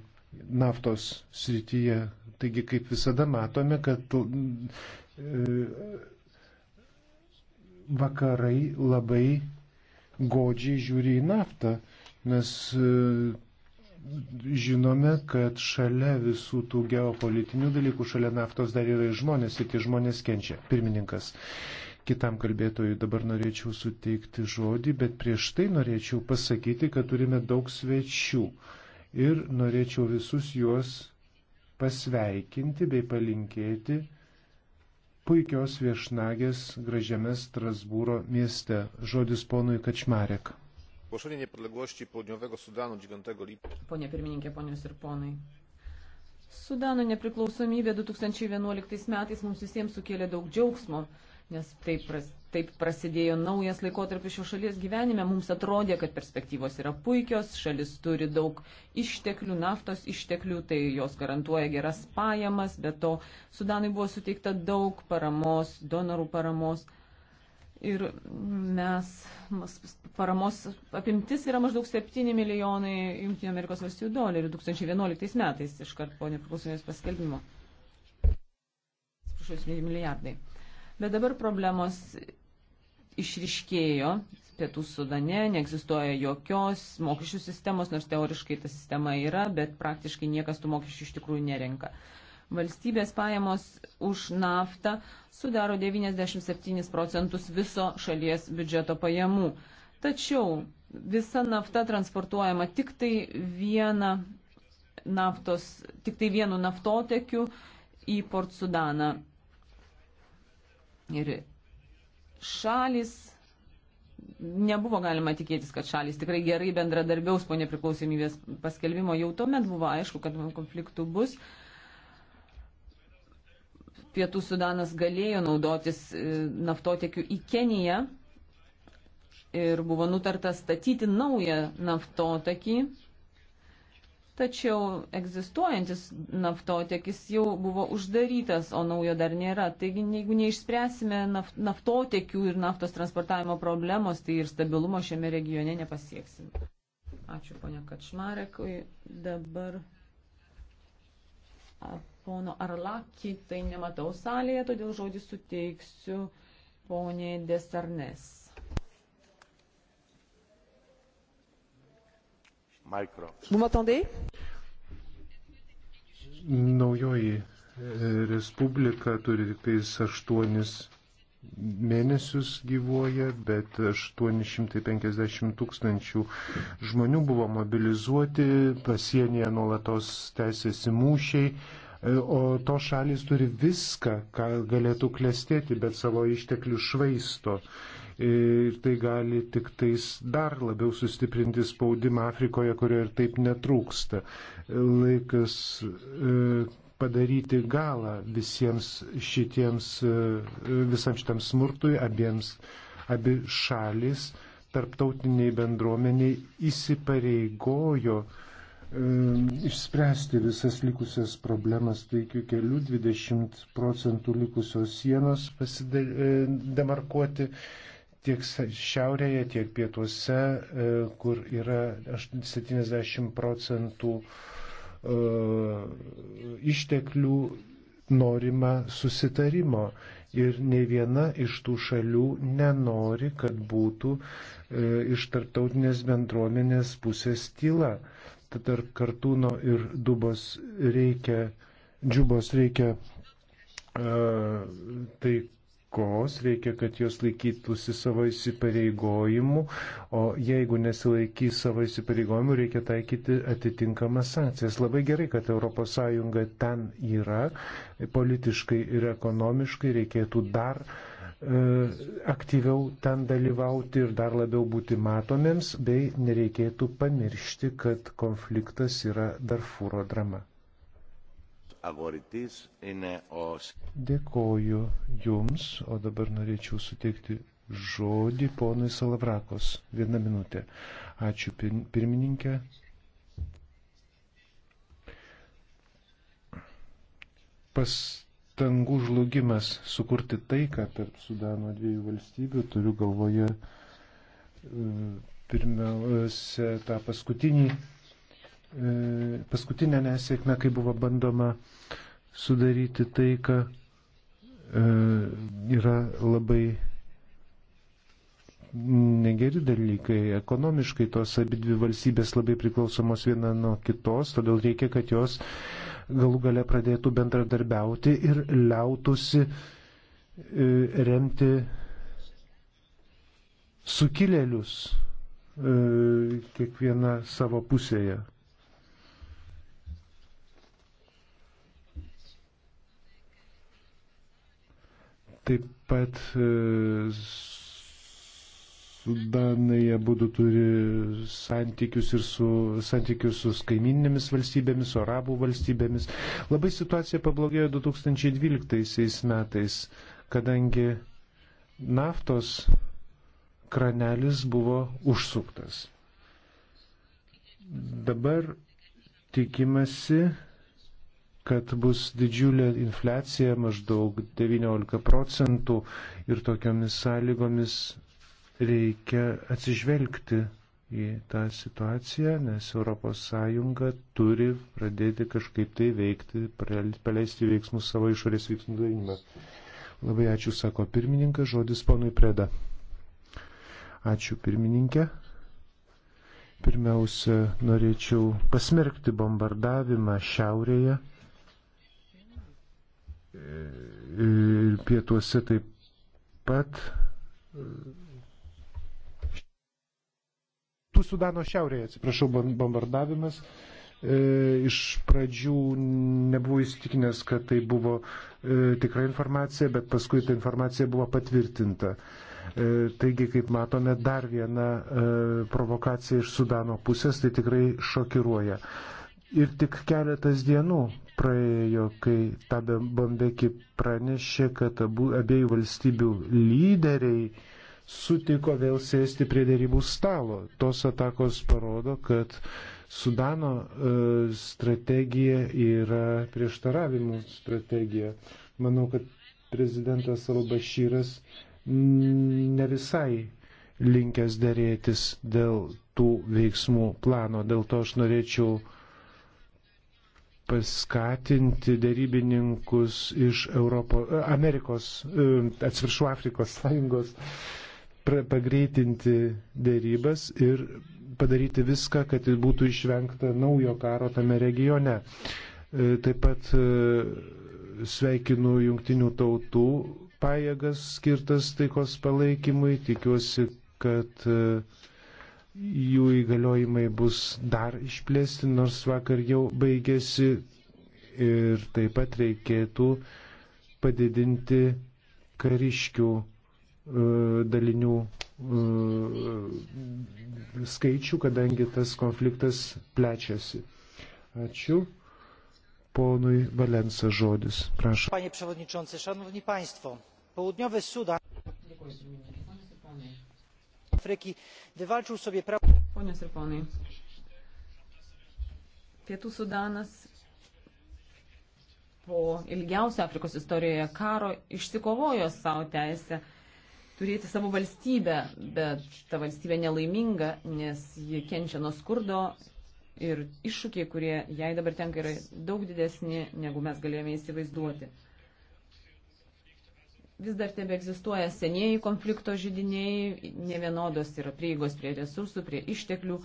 naftos srityje. Taigi, kaip visada matome, kad e, vakarai labai godžiai žiūri į naftą, nes e, žinome, kad šalia visų tų geopolitinių dalykų, šalia naftos dar yra ir žmonės ir tie žmonės kenčia. Pirmininkas kitam kalbėtojui dabar norėčiau suteikti žodį, bet prieš tai norėčiau pasakyti, kad turime daug svečių ir norėčiau visus juos pasveikinti bei palinkėti puikios viešnagės gražiame Strasbūro mieste. Žodis ponui Kačmarek. Pone pirmininkė, ponios ir ponai. Sudano nepriklausomybė 2011 metais mums visiems sukėlė daug džiaugsmo nes taip, pras, taip prasidėjo naujas laikotarpis šios šalies gyvenime. Mums atrodė, kad perspektyvos yra puikios, šalis turi daug išteklių, naftos išteklių, tai jos garantuoja geras pajamas, bet to Sudanui buvo suteikta daug paramos, donorų paramos. Ir mes, paramos apimtis yra maždaug 7 milijonai Junktinių Amerikos valstybių dolerių 2011 metais, iškart po nepriklausomybės paskelbimo. Atsiprašau, 7 milijardai. Bet dabar problemos išriškėjo. Pietų Sudane neegzistuoja jokios mokesčių sistemos, nors teoriškai ta sistema yra, bet praktiškai niekas tų mokesčių iš tikrųjų nerenka. Valstybės pajamos už naftą sudaro 97 procentus viso šalies biudžeto pajamų. Tačiau visa nafta transportuojama tik tai vieną naftos, tik tai vienu naftotekiu į Port Sudaną. Ir šalis, nebuvo galima tikėtis, kad šalis tikrai gerai bendradarbiaus po nepriklausomybės paskelbimo, jau tuomet buvo aišku, kad konfliktų bus. Pietų Sudanas galėjo naudotis e, naftotiekiu į Keniją ir buvo nutarta statyti naują naftotakį tačiau egzistuojantis naftotiekis jau buvo uždarytas, o naujo dar nėra. Taigi, jeigu neišspręsime naftotiekių ir naftos transportavimo problemos, tai ir stabilumo šiame regione nepasieksime. Ačiū ponia Kačmarekui. Dabar pono Arlaki, tai nematau salėje, todėl žodį suteiksiu poniai Desarnes. Micro. Vous m'entendez? Naujoji e, Respublika turi tik tais aštuonis mėnesius gyvuoja, bet 850 tūkstančių žmonių buvo mobilizuoti, pasienyje nuolatos tęsiasi mūšiai, e, o to šalis turi viską, ką galėtų klestėti, bet savo išteklių švaisto ir tai gali tik tais dar labiau sustiprinti spaudimą Afrikoje, kurio ir taip netrūksta. Laikas e, padaryti galą visiems šitiems, e, visam šitam smurtui, abiems, abi šalis, tarptautiniai bendruomeniai įsipareigojo e, išspręsti visas likusias problemas taikių kelių, 20 procentų likusios sienos demarkuoti, tiek šiaurėje, tiek pietuose, e, kur yra 70 procentų e, išteklių norima susitarimo. Ir ne viena iš tų šalių nenori, kad būtų e, iš tarptautinės bendruomenės pusės tyla. Tad tarp kartūno ir dubos reikia, džubos reikia e, tai tvarkos, reikia, kad jos laikytųsi savo įsipareigojimų, o jeigu nesilaikys savo įsipareigojimų, reikia taikyti atitinkamas sankcijas. Labai gerai, kad ES ten yra, politiškai ir ekonomiškai reikėtų dar e, aktyviau ten dalyvauti ir dar labiau būti matomiems, bei nereikėtų pamiršti, kad konfliktas yra Darfūro drama agoritis είναι ο... Dėkoju Jums, o dabar norėčiau suteikti žodį ponui Salavrakos. Vieną minutę. Ačiū pirmininkė. Pastangų žlugimas sukurti taiką tarp Sudano dviejų valstybių, turiu galvoje e, pirmiausia tą paskutinį E, paskutinę nesėkmę, kai buvo bandoma sudaryti taiką, e, yra labai negeri dalykai. Ekonomiškai tos abidvi valstybės labai priklausomos viena nuo kitos, todėl reikia, kad jos galų gale pradėtų bendradarbiauti ir liautųsi e, remti sukilėlius kiekviena savo pusėje. Taip pat e, Sudanai abu turi santykius ir su, santykius su kaiminėmis valstybėmis, su arabų valstybėmis. Labai situacija pablogėjo 2012 metais, kadangi naftos kranelis buvo užsuktas. Dabar tikimasi, kad bus didžiulė infliacija maždaug 19 procentų ir tokiomis sąlygomis reikia atsižvelgti į tą situaciją, nes ES turi pradėti kažkaip tai veikti, paleisti veiksmus savo išorės veiksmų darymą. Labai ačiū, sako pirmininkas, žodis ponui Preda. Ačiū pirmininkė. Pirmiausia, norėčiau pasmerkti bombardavimą šiaurėje pietuose taip pat. Tų Sudano šiaurėje, atsiprašau, bombardavimas. E, iš pradžių nebuvau įsitikinęs, kad tai buvo e, tikra informacija, bet paskui ta informacija buvo patvirtinta. E, taigi, kaip matome, dar viena provokacija iš Sudano pusės tai tikrai šokiruoja. Ir tik keletas dienų praėjo, kai Tabe Bombeki pranešė, kad abu, abiejų valstybių lyderiai sutiko vėl sėsti prie dėrybų stalo. Tos atakos parodo, kad Sudano e, strategija yra prieštaravimų strategija. Manau, kad prezidentas Albašyras ne visai linkęs dėrėtis dėl tų veiksmų plano. Dėl to aš norėčiau paskatinti dėrybininkus iš Europo, Amerikos, e, atsiprašau, Afrikos sąjungos pagreitinti dėrybas ir padaryti viską, kad būtų išvengta naujo karo tame regione. E, taip pat e, sveikinu jungtinių tautų pajėgas skirtas taikos palaikymui. Tikiuosi, kad uh, jų įgaliojimai bus dar išplėsti, nors vakar jau baigėsi ir taip pat reikėtų padidinti kariškių e, dalinių e, skaičių, kadangi tas konfliktas plečiasi. Ačiū. Ponui Valensa žodis. Prašau. Panie Przewodniczący, Szanowni Państwo, Południowy Sudan. Dėkui, Afryki wywalczył sobie prawo. Ponios ir ponai. Pietų Sudanas po ilgiausio Afrikos istorijoje karo išsikovojo savo teisę turėti savo valstybę, bet ta valstybė nelaiminga, nes ji kenčia nuo skurdo ir iššūkiai, kurie jai dabar tenka, yra daug didesni, negu mes galėjome įsivaizduoti vis dar tebe egzistuoja senieji konflikto žydiniai, nevienodos yra prieigos prie resursų, prie išteklių,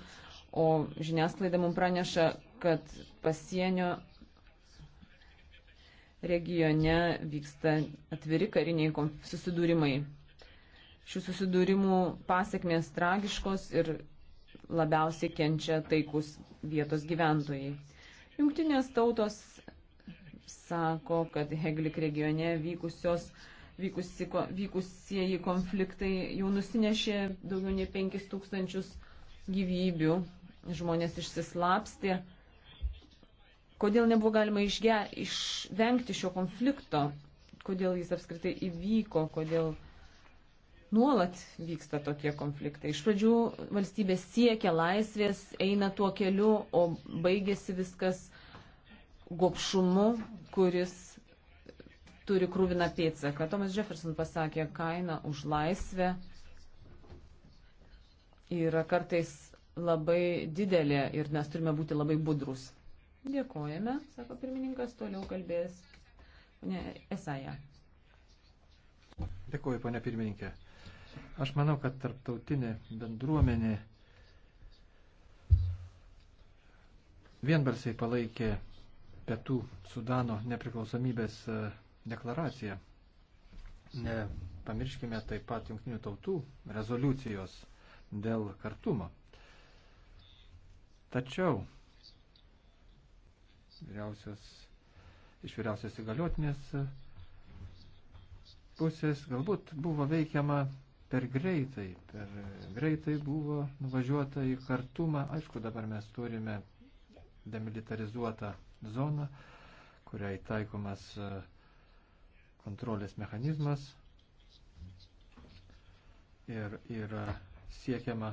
o žiniasklaida mums praneša, kad pasienio regione vyksta atviri kariniai susidūrimai. Šių susidūrimų pasiekmės tragiškos ir labiausiai kenčia taikus vietos gyventojai. Jungtinės tautos sako, kad Heglik regione vykusios uh, vykusi, vykusieji konfliktai jau nusinešė daugiau nei 5000 gyvybių, žmonės išsislapstė. Kodėl nebuvo galima išge, išvengti šio konflikto, kodėl jis apskritai įvyko, kodėl nuolat vyksta tokie konfliktai. Iš pradžių valstybė siekia laisvės, eina tuo keliu, o baigėsi viskas gopšumu, kuris turi krūviną pėdsaką. Thomas Jefferson pasakė, kaina už laisvę yra kartais labai didelė ir mes turime būti labai budrus. Dėkojame, sako pirmininkas, toliau kalbės ne, Esaja. Dėkuoju, ponia pirmininkė. Aš manau, kad tarptautinė bendruomenė vienbalsiai palaikė Pietų Sudano nepriklausomybės deklaraciją. Nepamirškime taip pat jungtinių tautų rezoliucijos dėl kartumo. Tačiau vyriausios, iš vyriausios įgaliotinės pusės galbūt buvo veikiama per greitai, per greitai buvo nuvažiuota į kartumą. Aišku, dabar mes turime demilitarizuotą zoną, kuriai taikomas uh, kontrolės mechanizmas ir yra siekiama,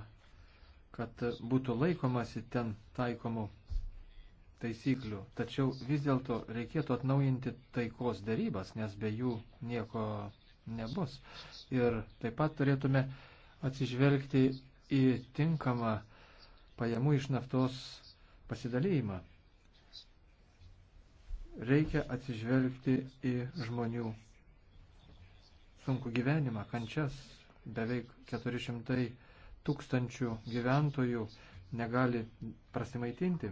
kad būtų laikomasi ten taikomų taisyklių. Tačiau vis dėlto reikėtų atnaujinti taikos darybas, nes be jų nieko nebus. Ir taip pat turėtume atsižvelgti į tinkamą pajamų iš naftos pasidalymą. Reikia atsižvelgti į žmonių sunku gyvenimą, kančias. Beveik 400 tūkstančių gyventojų negali prasimaitinti.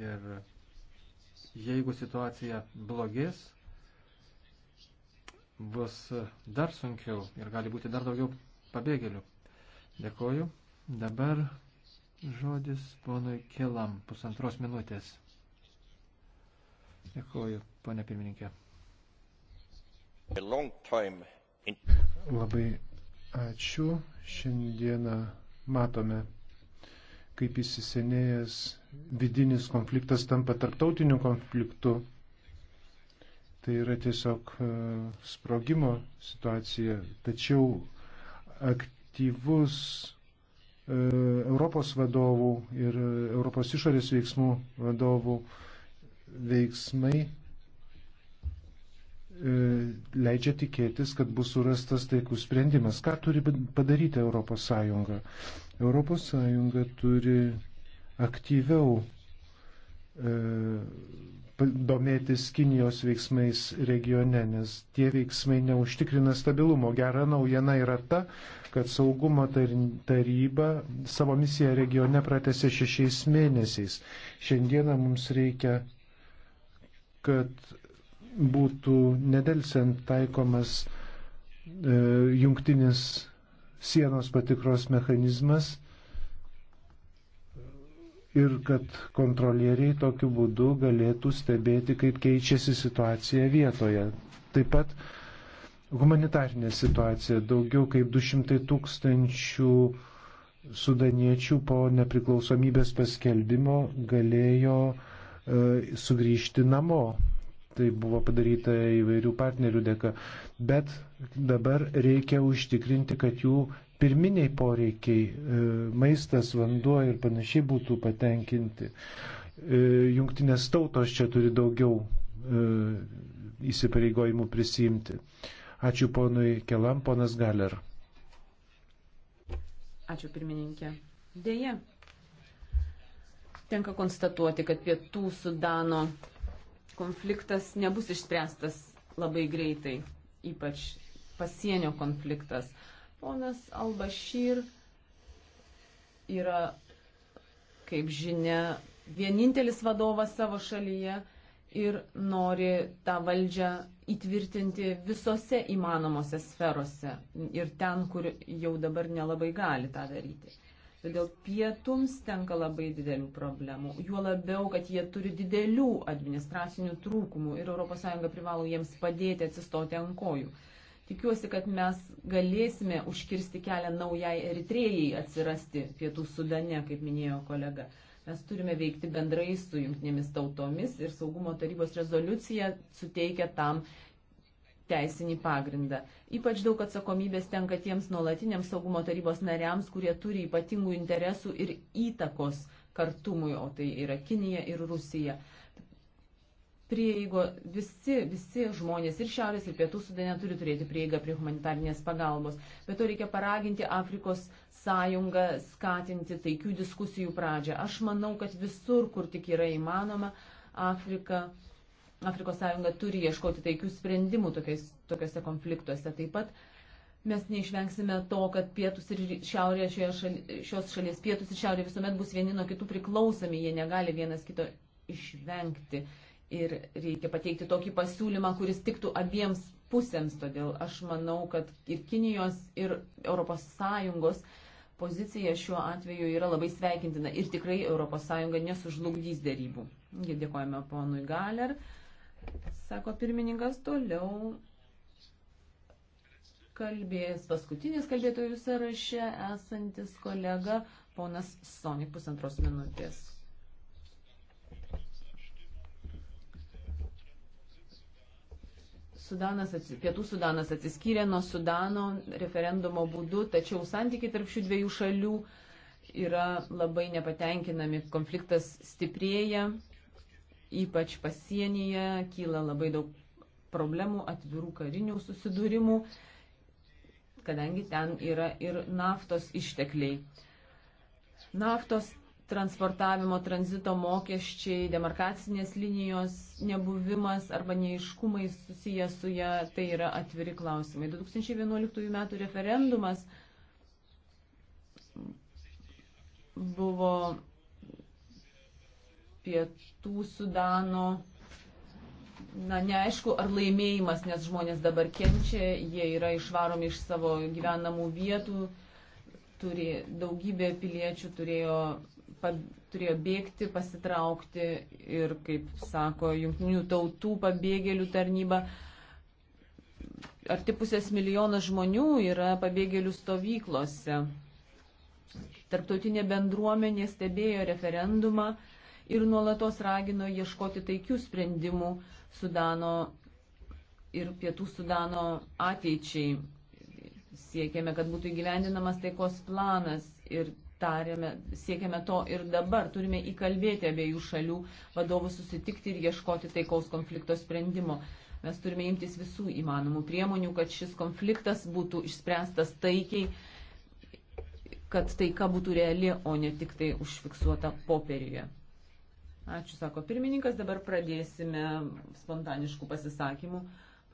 Ir jeigu situacija blogės, bus dar sunkiau ir gali būti dar daugiau pabėgėlių. Dėkoju. Dabar žodis ponui Kelam pusantros minutės. Dėkuoju, ponė pirmininkė. Labai ačiū. Šiandieną matome, kaip įsisenėjęs vidinis konfliktas tampa tarptautiniu konfliktu. Tai yra tiesiog e, sprogimo situacija. Tačiau aktyvus e, Europos vadovų ir Europos išorės veiksmų vadovų veiksmai e, leidžia tikėtis, kad bus surastas taikus sprendimas. Ką turi padaryti Europos Sąjunga? Europos Sąjunga turi aktyviau e, domėtis Kinijos veiksmais regione, nes tie veiksmai neužtikrina stabilumo. Gera naujiena yra ta, kad saugumo taryba savo misiją regione pratęsė šešiais mėnesiais. Šiandieną mums reikia kad būtų nedelsiant taikomas e, jungtinis sienos patikros mechanizmas ir kad kontrolieriai tokiu būdu galėtų stebėti, kaip keičiasi situacija vietoje. Taip pat humanitarinė situacija. Daugiau kaip 200 tūkstančių sudaniečių po nepriklausomybės paskelbimo galėjo uh, E, sugrįžti namo. Tai buvo padaryta įvairių partnerių dėka. Bet dabar reikia užtikrinti, kad jų pirminiai poreikiai e, - maistas, vanduo ir panašiai būtų patenkinti. E, jungtinės tautos čia turi daugiau įsipareigojimų prisijimti. Ačiū ponui Kelam, ponas Galer. Ačiū pirmininkė. Deja, Tenka konstatuoti, kad pietų Sudano konfliktas nebus išspręstas labai greitai, ypač pasienio konfliktas. Ponas Albašyr yra, kaip žinia, vienintelis vadovas savo šalyje ir nori tą valdžią įtvirtinti visose įmanomose sferose ir ten, kur jau dabar nelabai gali tą daryti. Todėl pietums tenka labai didelių problemų. Juo labiau, kad jie turi didelių administracinių trūkumų ir ES privalo jiems padėti atsistoti ant kojų. Tikiuosi, kad mes galėsime užkirsti kelią naujai Eritrėjai atsirasti pietų sudane, kaip minėjo kolega. Mes turime veikti bendrai su jungtinėmis tautomis ir saugumo tarybos rezoliucija suteikia tam teisinį pagrindą. Ypač daug atsakomybės tenka tiems nuolatiniams saugumo tarybos nariams, kurie turi ypatingų interesų ir įtakos kartumui, o tai yra Kinija ir Rusija. Prieigo, visi, visi žmonės ir šiaurės, ir pietų sudane turi turėti prieigą prie humanitarnės pagalbos. Bet to reikia paraginti Afrikos sąjungą skatinti taikių diskusijų pradžią. Aš manau, kad visur, kur tik yra įmanoma, Afrika uh, Afrikos sąjunga turi ieškoti taikių sprendimų tokiais, tokiuose konfliktuose. Taip pat mes neišvengsime to, kad pietus ir šiaurė, šal, šios šalies pietus ir šiaurė visuomet bus vieni nuo kitų priklausomi, jie negali vienas kito išvengti. Ir reikia pateikti tokį pasiūlymą, kuris tiktų abiems pusėms. Todėl aš manau, kad ir Kinijos, ir ES pozicija šiuo atveju yra labai sveikintina ir tikrai ES nesužlugdys dėrybų. Dėkojame ponui Galer. Sako pirmininkas toliau kalbės paskutinis kalbėtojų sąraše esantis kolega ponas Sonik pusantros minutės. Sudanas, pietų Sudanas atsiskyrė nuo Sudano referendumo būdu, tačiau santykiai tarp šių dviejų šalių yra labai nepatenkinami. Konfliktas stiprėja, ypač pasienyje, kyla labai daug problemų, atvirų karinių susidūrimų, kadangi ten yra ir naftos ištekliai. Naftos transportavimo tranzito mokesčiai, demarkacinės linijos nebuvimas arba neiškumai susijęs su ją, tai yra atviri klausimai. 2011 m. referendumas buvo pietų Sudano. Na, neaišku, ar laimėjimas, nes žmonės dabar kenčia, jie yra išvaromi iš savo gyvenamų vietų, turi, daugybė piliečių turėjo, pa, turėjo bėgti, pasitraukti ir, kaip sako Junktinių tautų pabėgėlių tarnyba, arti pusės milijonas žmonių yra pabėgėlių stovyklose. Tarptautinė bendruomenė stebėjo referendumą ir nuolatos ragino ieškoti taikių sprendimų Sudano ir Pietų Sudano ateičiai. Siekėme, kad būtų įgyvendinamas taikos planas ir tarėme, siekėme to ir dabar. Turime įkalbėti abiejų šalių vadovų susitikti ir ieškoti taikaus konflikto sprendimo. Mes turime imtis visų įmanomų priemonių, kad šis konfliktas būtų išspręstas taikiai, kad taika būtų reali, o ne tik tai užfiksuota popieriuje. Ačiū, sako pirmininkas. Dabar pradėsime spontaniškų pasisakymų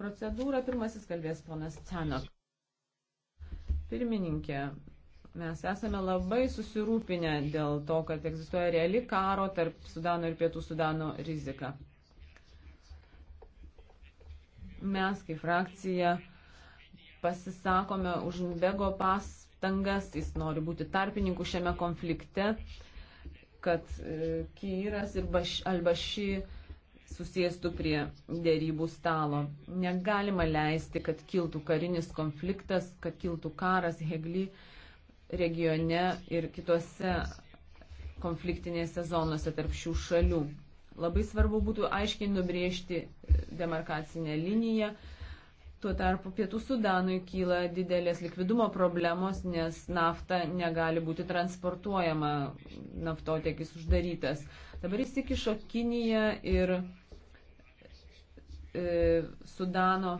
procedūrą. Pirmasis kalbės ponas Cenok. Pirmininkė, mes esame labai susirūpinę dėl to, kad egzistuoja reali karo tarp Sudano ir Pietų Sudano rizika. Mes kaip frakcija pasisakome už Mbego pastangas, jis nori būti tarpininku šiame konflikte kad e, Kyras ir baš, Albaši susėstų prie dėrybų stalo. Negalima leisti, kad kiltų karinis konfliktas, kad kiltų karas Hegli regione ir kitose konfliktinėse zonose tarp šių šalių. Labai svarbu būtų aiškiai nubrėžti demarkacinę liniją, Tuo tarpu Pietų Sudanui kyla didelės likvidumo problemos, nes nafta negali būti transportuojama, naftotiekis uždarytas. Dabar įsikišo Kinija ir e, Sudano,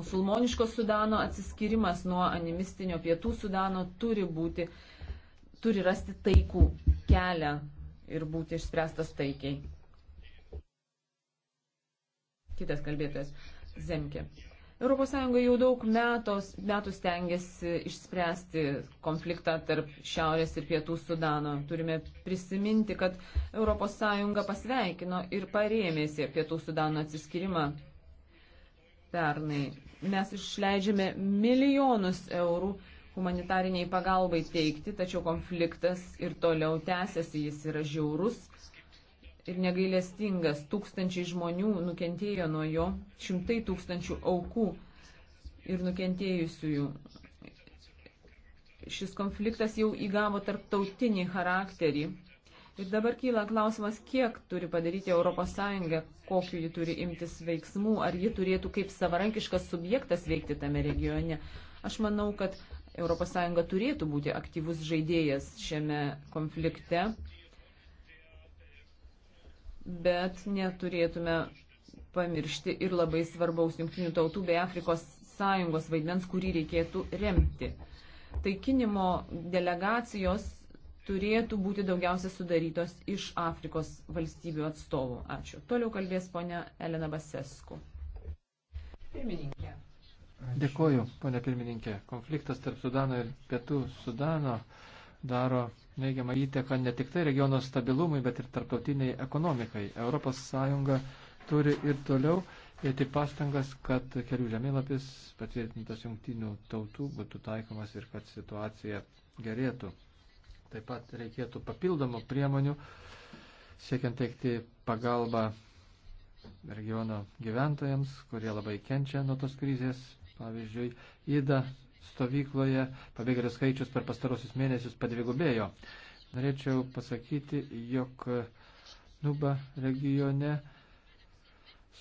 musulmoniško Sudano atsiskyrimas nuo animistinio Pietų Sudano turi būti, turi rasti taikų kelią ir būti išspręstas taikiai. Kitas kalbėtojas Zemke. ES jau daug metos, metų stengiasi išspręsti konfliktą tarp Šiaurės ir Pietų Sudano. Turime prisiminti, kad ES pasveikino ir parėmėsi Pietų Sudano atsiskirimą pernai. Mes išleidžiame milijonus eurų humanitariniai pagalbai teikti, tačiau konfliktas ir toliau tęsiasi, jis yra žiaurus ir negailestingas. Tūkstančiai žmonių nukentėjo nuo jo, šimtai tūkstančių aukų ir nukentėjusiųjų. Šis konfliktas jau įgavo tarptautinį charakterį. Ir dabar kyla klausimas, kiek turi padaryti ES, kokiu ji turi imtis veiksmų, ar ji turėtų kaip savarankiškas subjektas veikti tame regione. Aš manau, kad ES turėtų būti aktyvus žaidėjas šiame konflikte bet neturėtume pamiršti ir labai svarbaus jungtinių tautų bei Afrikos sąjungos vaidmens, kurį reikėtų remti. Taikinimo delegacijos turėtų būti daugiausia sudarytos iš Afrikos valstybių atstovų. Ačiū. Toliau kalbės ponia Elena Basesku. Pirmininkė. Ačiū. Dėkoju, ponia pirmininkė. Konfliktas tarp Sudano ir Pietų Sudano daro neigiamą įteką ne tik tai regiono stabilumui, bet ir tarptautiniai ekonomikai. ES turi ir toliau dėti pastangas, kad kelių žemėlapis patvirtintas jungtinių tautų būtų taikomas ir kad situacija gerėtų. Taip pat reikėtų papildomų priemonių siekiant teikti pagalbą regiono gyventojams, kurie labai kenčia nuo tos krizės. Pavyzdžiui, įda stovykloje pabėgėlių skaičius per pastarosius mėnesius padvigubėjo. Norėčiau pasakyti, jog Nuba regione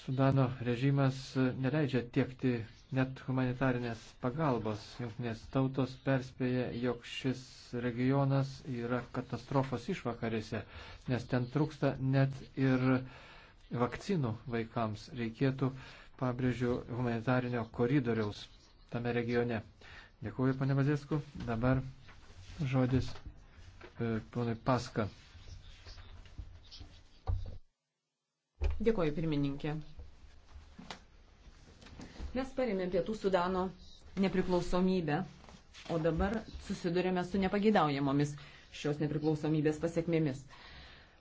Sudano režimas neleidžia tiekti net humanitarinės pagalbos. Junktinės tautos perspėja, jog šis regionas yra katastrofos išvakarėse, nes ten trūksta net ir vakcinų vaikams. Reikėtų, pabrėžiu, humanitarinio koridoriaus tame regione. Dėkuoju, pane Bazėsku. Dabar žodis e, ponui Paska. Dėkuoju, pirmininkė. Mes parėmėm pietų Sudano nepriklausomybę, o dabar susidurėme su nepagidaujamomis šios nepriklausomybės pasiekmėmis.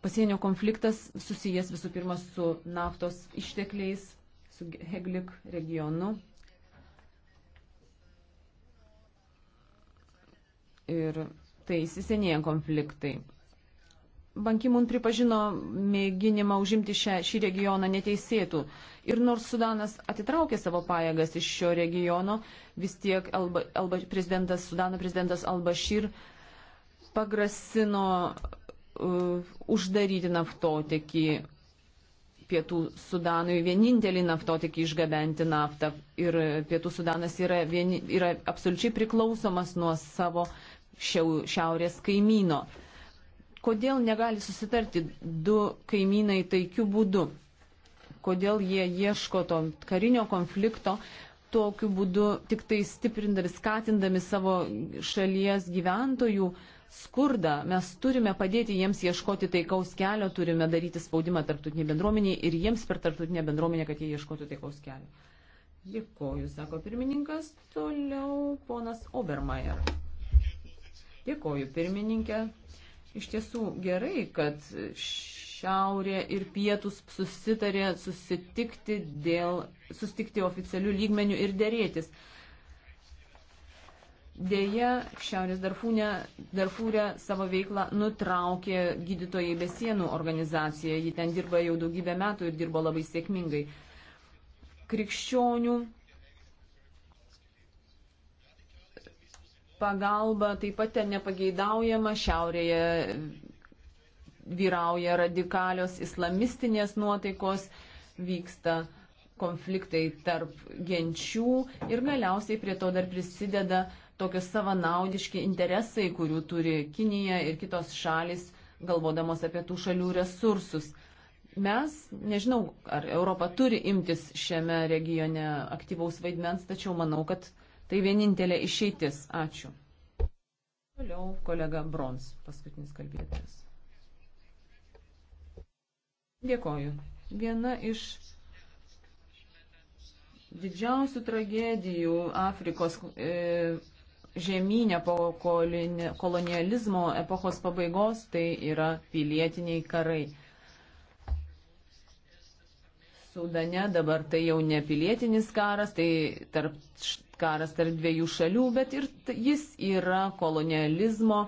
Pasienio konfliktas susijęs visų pirma su naftos ištekliais, su Heglik regionu ir tai įsisenėję konfliktai. Bankimun pripažino mėginimą užimti šią, šį regioną neteisėtų. Ir nors Sudanas atitraukė savo pajėgas iš šio regiono, vis tiek Alba, Alba, prezidentas, Sudano prezidentas Albašyr pagrasino uh, uždaryti naftotekį Pietų Sudanui vienintelį naftotikį išgabenti naftą ir Pietų Sudanas yra, vieni, yra absoliučiai priklausomas nuo savo uh, šiau, šiaurės kaimyno. Kodėl negali susitarti du kaimynai taikių būdų? Kodėl jie ieško to karinio konflikto, tokiu būdu tik tai stiprindami, skatindami savo šalies gyventojų skurdą. Mes turime padėti jiems ieškoti taikaus kelio, turime daryti spaudimą tarptautinė bendruomenė ir jiems per tarptautinę bendruomenę, kad jie ieškotų taikaus kelio. Dėkoju, sako pirmininkas. Toliau ponas Obermeier. Dėkoju, pirmininkė. Iš tiesų gerai, kad šiaurė ir pietus susitarė susitikti, dėl, susitikti oficialių lygmenių ir dėrėtis. Deja, Šiaurės Darfūne, Darfūrė savo veiklą nutraukė gydytojai be sienų organizacija. Ji ten dirba jau daugybę metų ir dirbo labai sėkmingai. Krikščionių pagalba, taip pat ten nepageidaujama, šiaurėje vyrauja radikalios islamistinės nuotaikos, vyksta konfliktai tarp genčių ir galiausiai prie to dar prisideda tokios savanaudiški interesai, kurių turi Kinija ir kitos šalis, galvodamos apie tų šalių resursus. Mes, nežinau, ar Europa turi imtis šiame regione aktyvaus vaidmens, tačiau manau, kad Tai vienintelė išeitis. Ačiū. Toliau kolega Brons, paskutinis kalbėtojas. Dėkoju. Viena iš didžiausių tragedijų Afrikos e, žemynė po kolonializmo epochos pabaigos tai yra pilietiniai karai. Sudane dabar tai jau ne pilietinis karas, tai tarp, karas tarp dviejų šalių, bet ir jis yra kolonializmo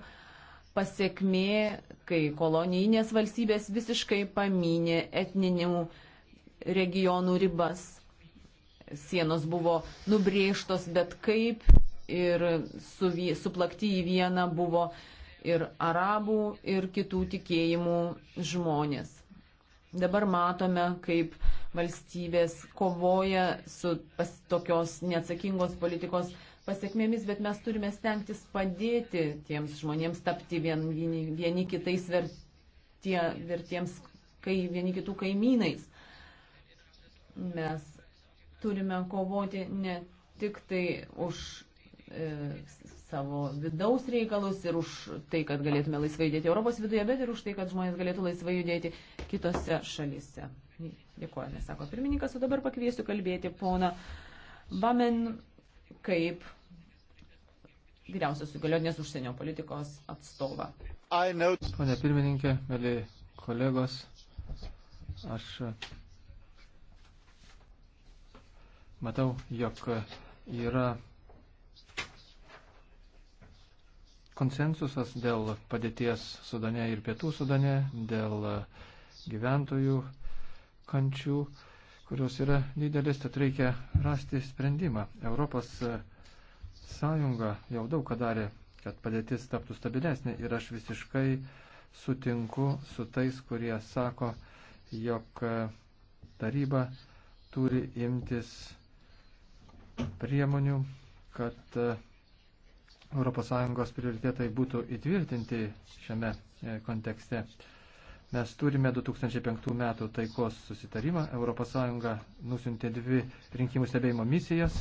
pasiekmė, kai kolonijinės valstybės visiškai paminė etninių regionų ribas. Sienos buvo nubrėžtos, bet kaip ir su, suplakti į vieną buvo ir arabų, ir kitų tikėjimų žmonės. Dabar matome, kaip valstybės kovoja su tokios neatsakingos politikos pasiekmėmis, bet mes turime stengtis padėti tiems žmonėms tapti vien, vieni, vieni kitais vertie, vertiems, kai vieni kitų kaimynais. Mes turime kovoti ne tik tai už e, savo vidaus reikalus ir už tai, kad galėtume laisvai judėti Europos viduje, bet ir už tai, kad žmonės galėtų laisvai judėti kitose šalise. Dėkojame, sako pirmininkas, o dabar pakviesiu kalbėti poną Bamen kaip vyriausios įgaliotinės užsienio politikos atstovą. Pone pirmininkė, mėly kolegos, aš matau, jog yra konsensusas dėl padėties Sudane ir Pietų Sudane, dėl gyventojų kančių, kurios yra didelis, tad reikia rasti sprendimą. Europos e, Sąjunga jau daug ką darė, kad padėtis taptų stabilesnė ir aš visiškai sutinku su tais, kurie sako, jog e, taryba turi imtis priemonių, kad ES prioritetai būtų įtvirtinti šiame e, kontekste. Mes turime 2005 metų taikos susitarimą. ES nusintė dvi rinkimų stebėjimo misijas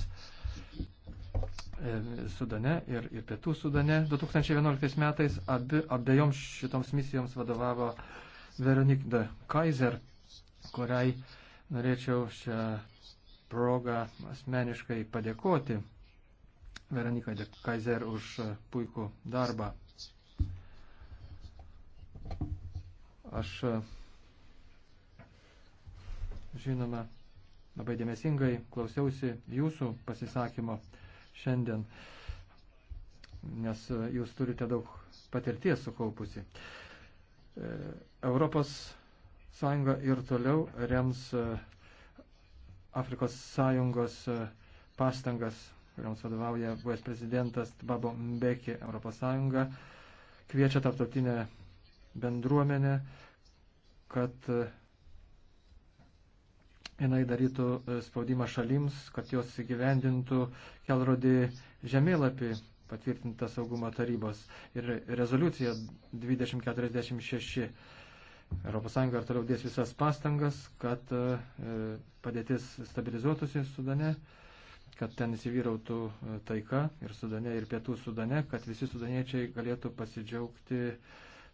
e, Sudane ir, ir Pietų Sudane. 2011 metais abi, abiejoms šitoms misijoms vadovavo Veronik de Kaiser, kuriai norėčiau šią progą asmeniškai padėkoti Veronikai de Kaiser už puikų darbą Aš e, žinoma labai dėmesingai klausiausi jūsų pasisakymo šiandien, nes e, jūs turite daug patirties sukaupusi. E, Europos Sąjunga ir toliau rems Afrikos Sąjungos pastangas, kuriams vadovauja buvęs prezidentas Babo Mbeki Europos Sąjunga, kviečia tarptautinę bendruomenę, kad e, jinai darytų e, spaudimą šalims, kad jos įgyvendintų kelrodį žemėlapį patvirtintą saugumo tarybos ir rezoliucija 2046. ES ir toliau dės visas pastangas, kad e, padėtis stabilizuotųsi Sudane, kad ten įsivyrautų taika ir Sudane, ir pietų Sudane, kad visi sudaniečiai galėtų pasidžiaugti uh,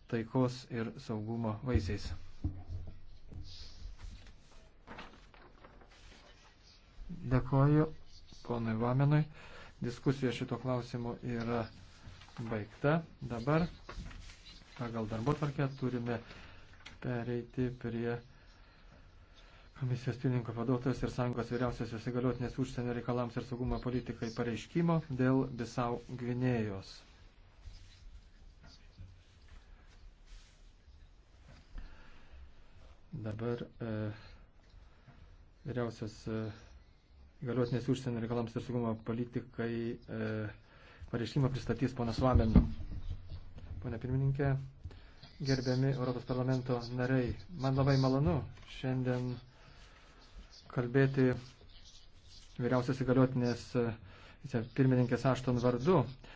taikos ir saugumo vaisiais. Dėkoju ponui Vamenui. Diskusija šito klausimu yra baigta. Dabar pagal darbo tvarkę turime pereiti prie komisijos pirmininko pavaduotojas ir sąjungos vyriausiosios įgaliotinės užsienio reikalams ir saugumo politikai pareiškimo dėl Bisau Gvinėjos. Dabar e, vyriausias e, galiotinės užsienio reikalams ir saugumo politikai e, pareiškimą pristatys ponas Vamen. Pone pirmininkė, gerbiami Europos parlamento nariai, man labai malonu šiandien kalbėti vyriausias įgaliotinės e, pirmininkės Ašton vardu.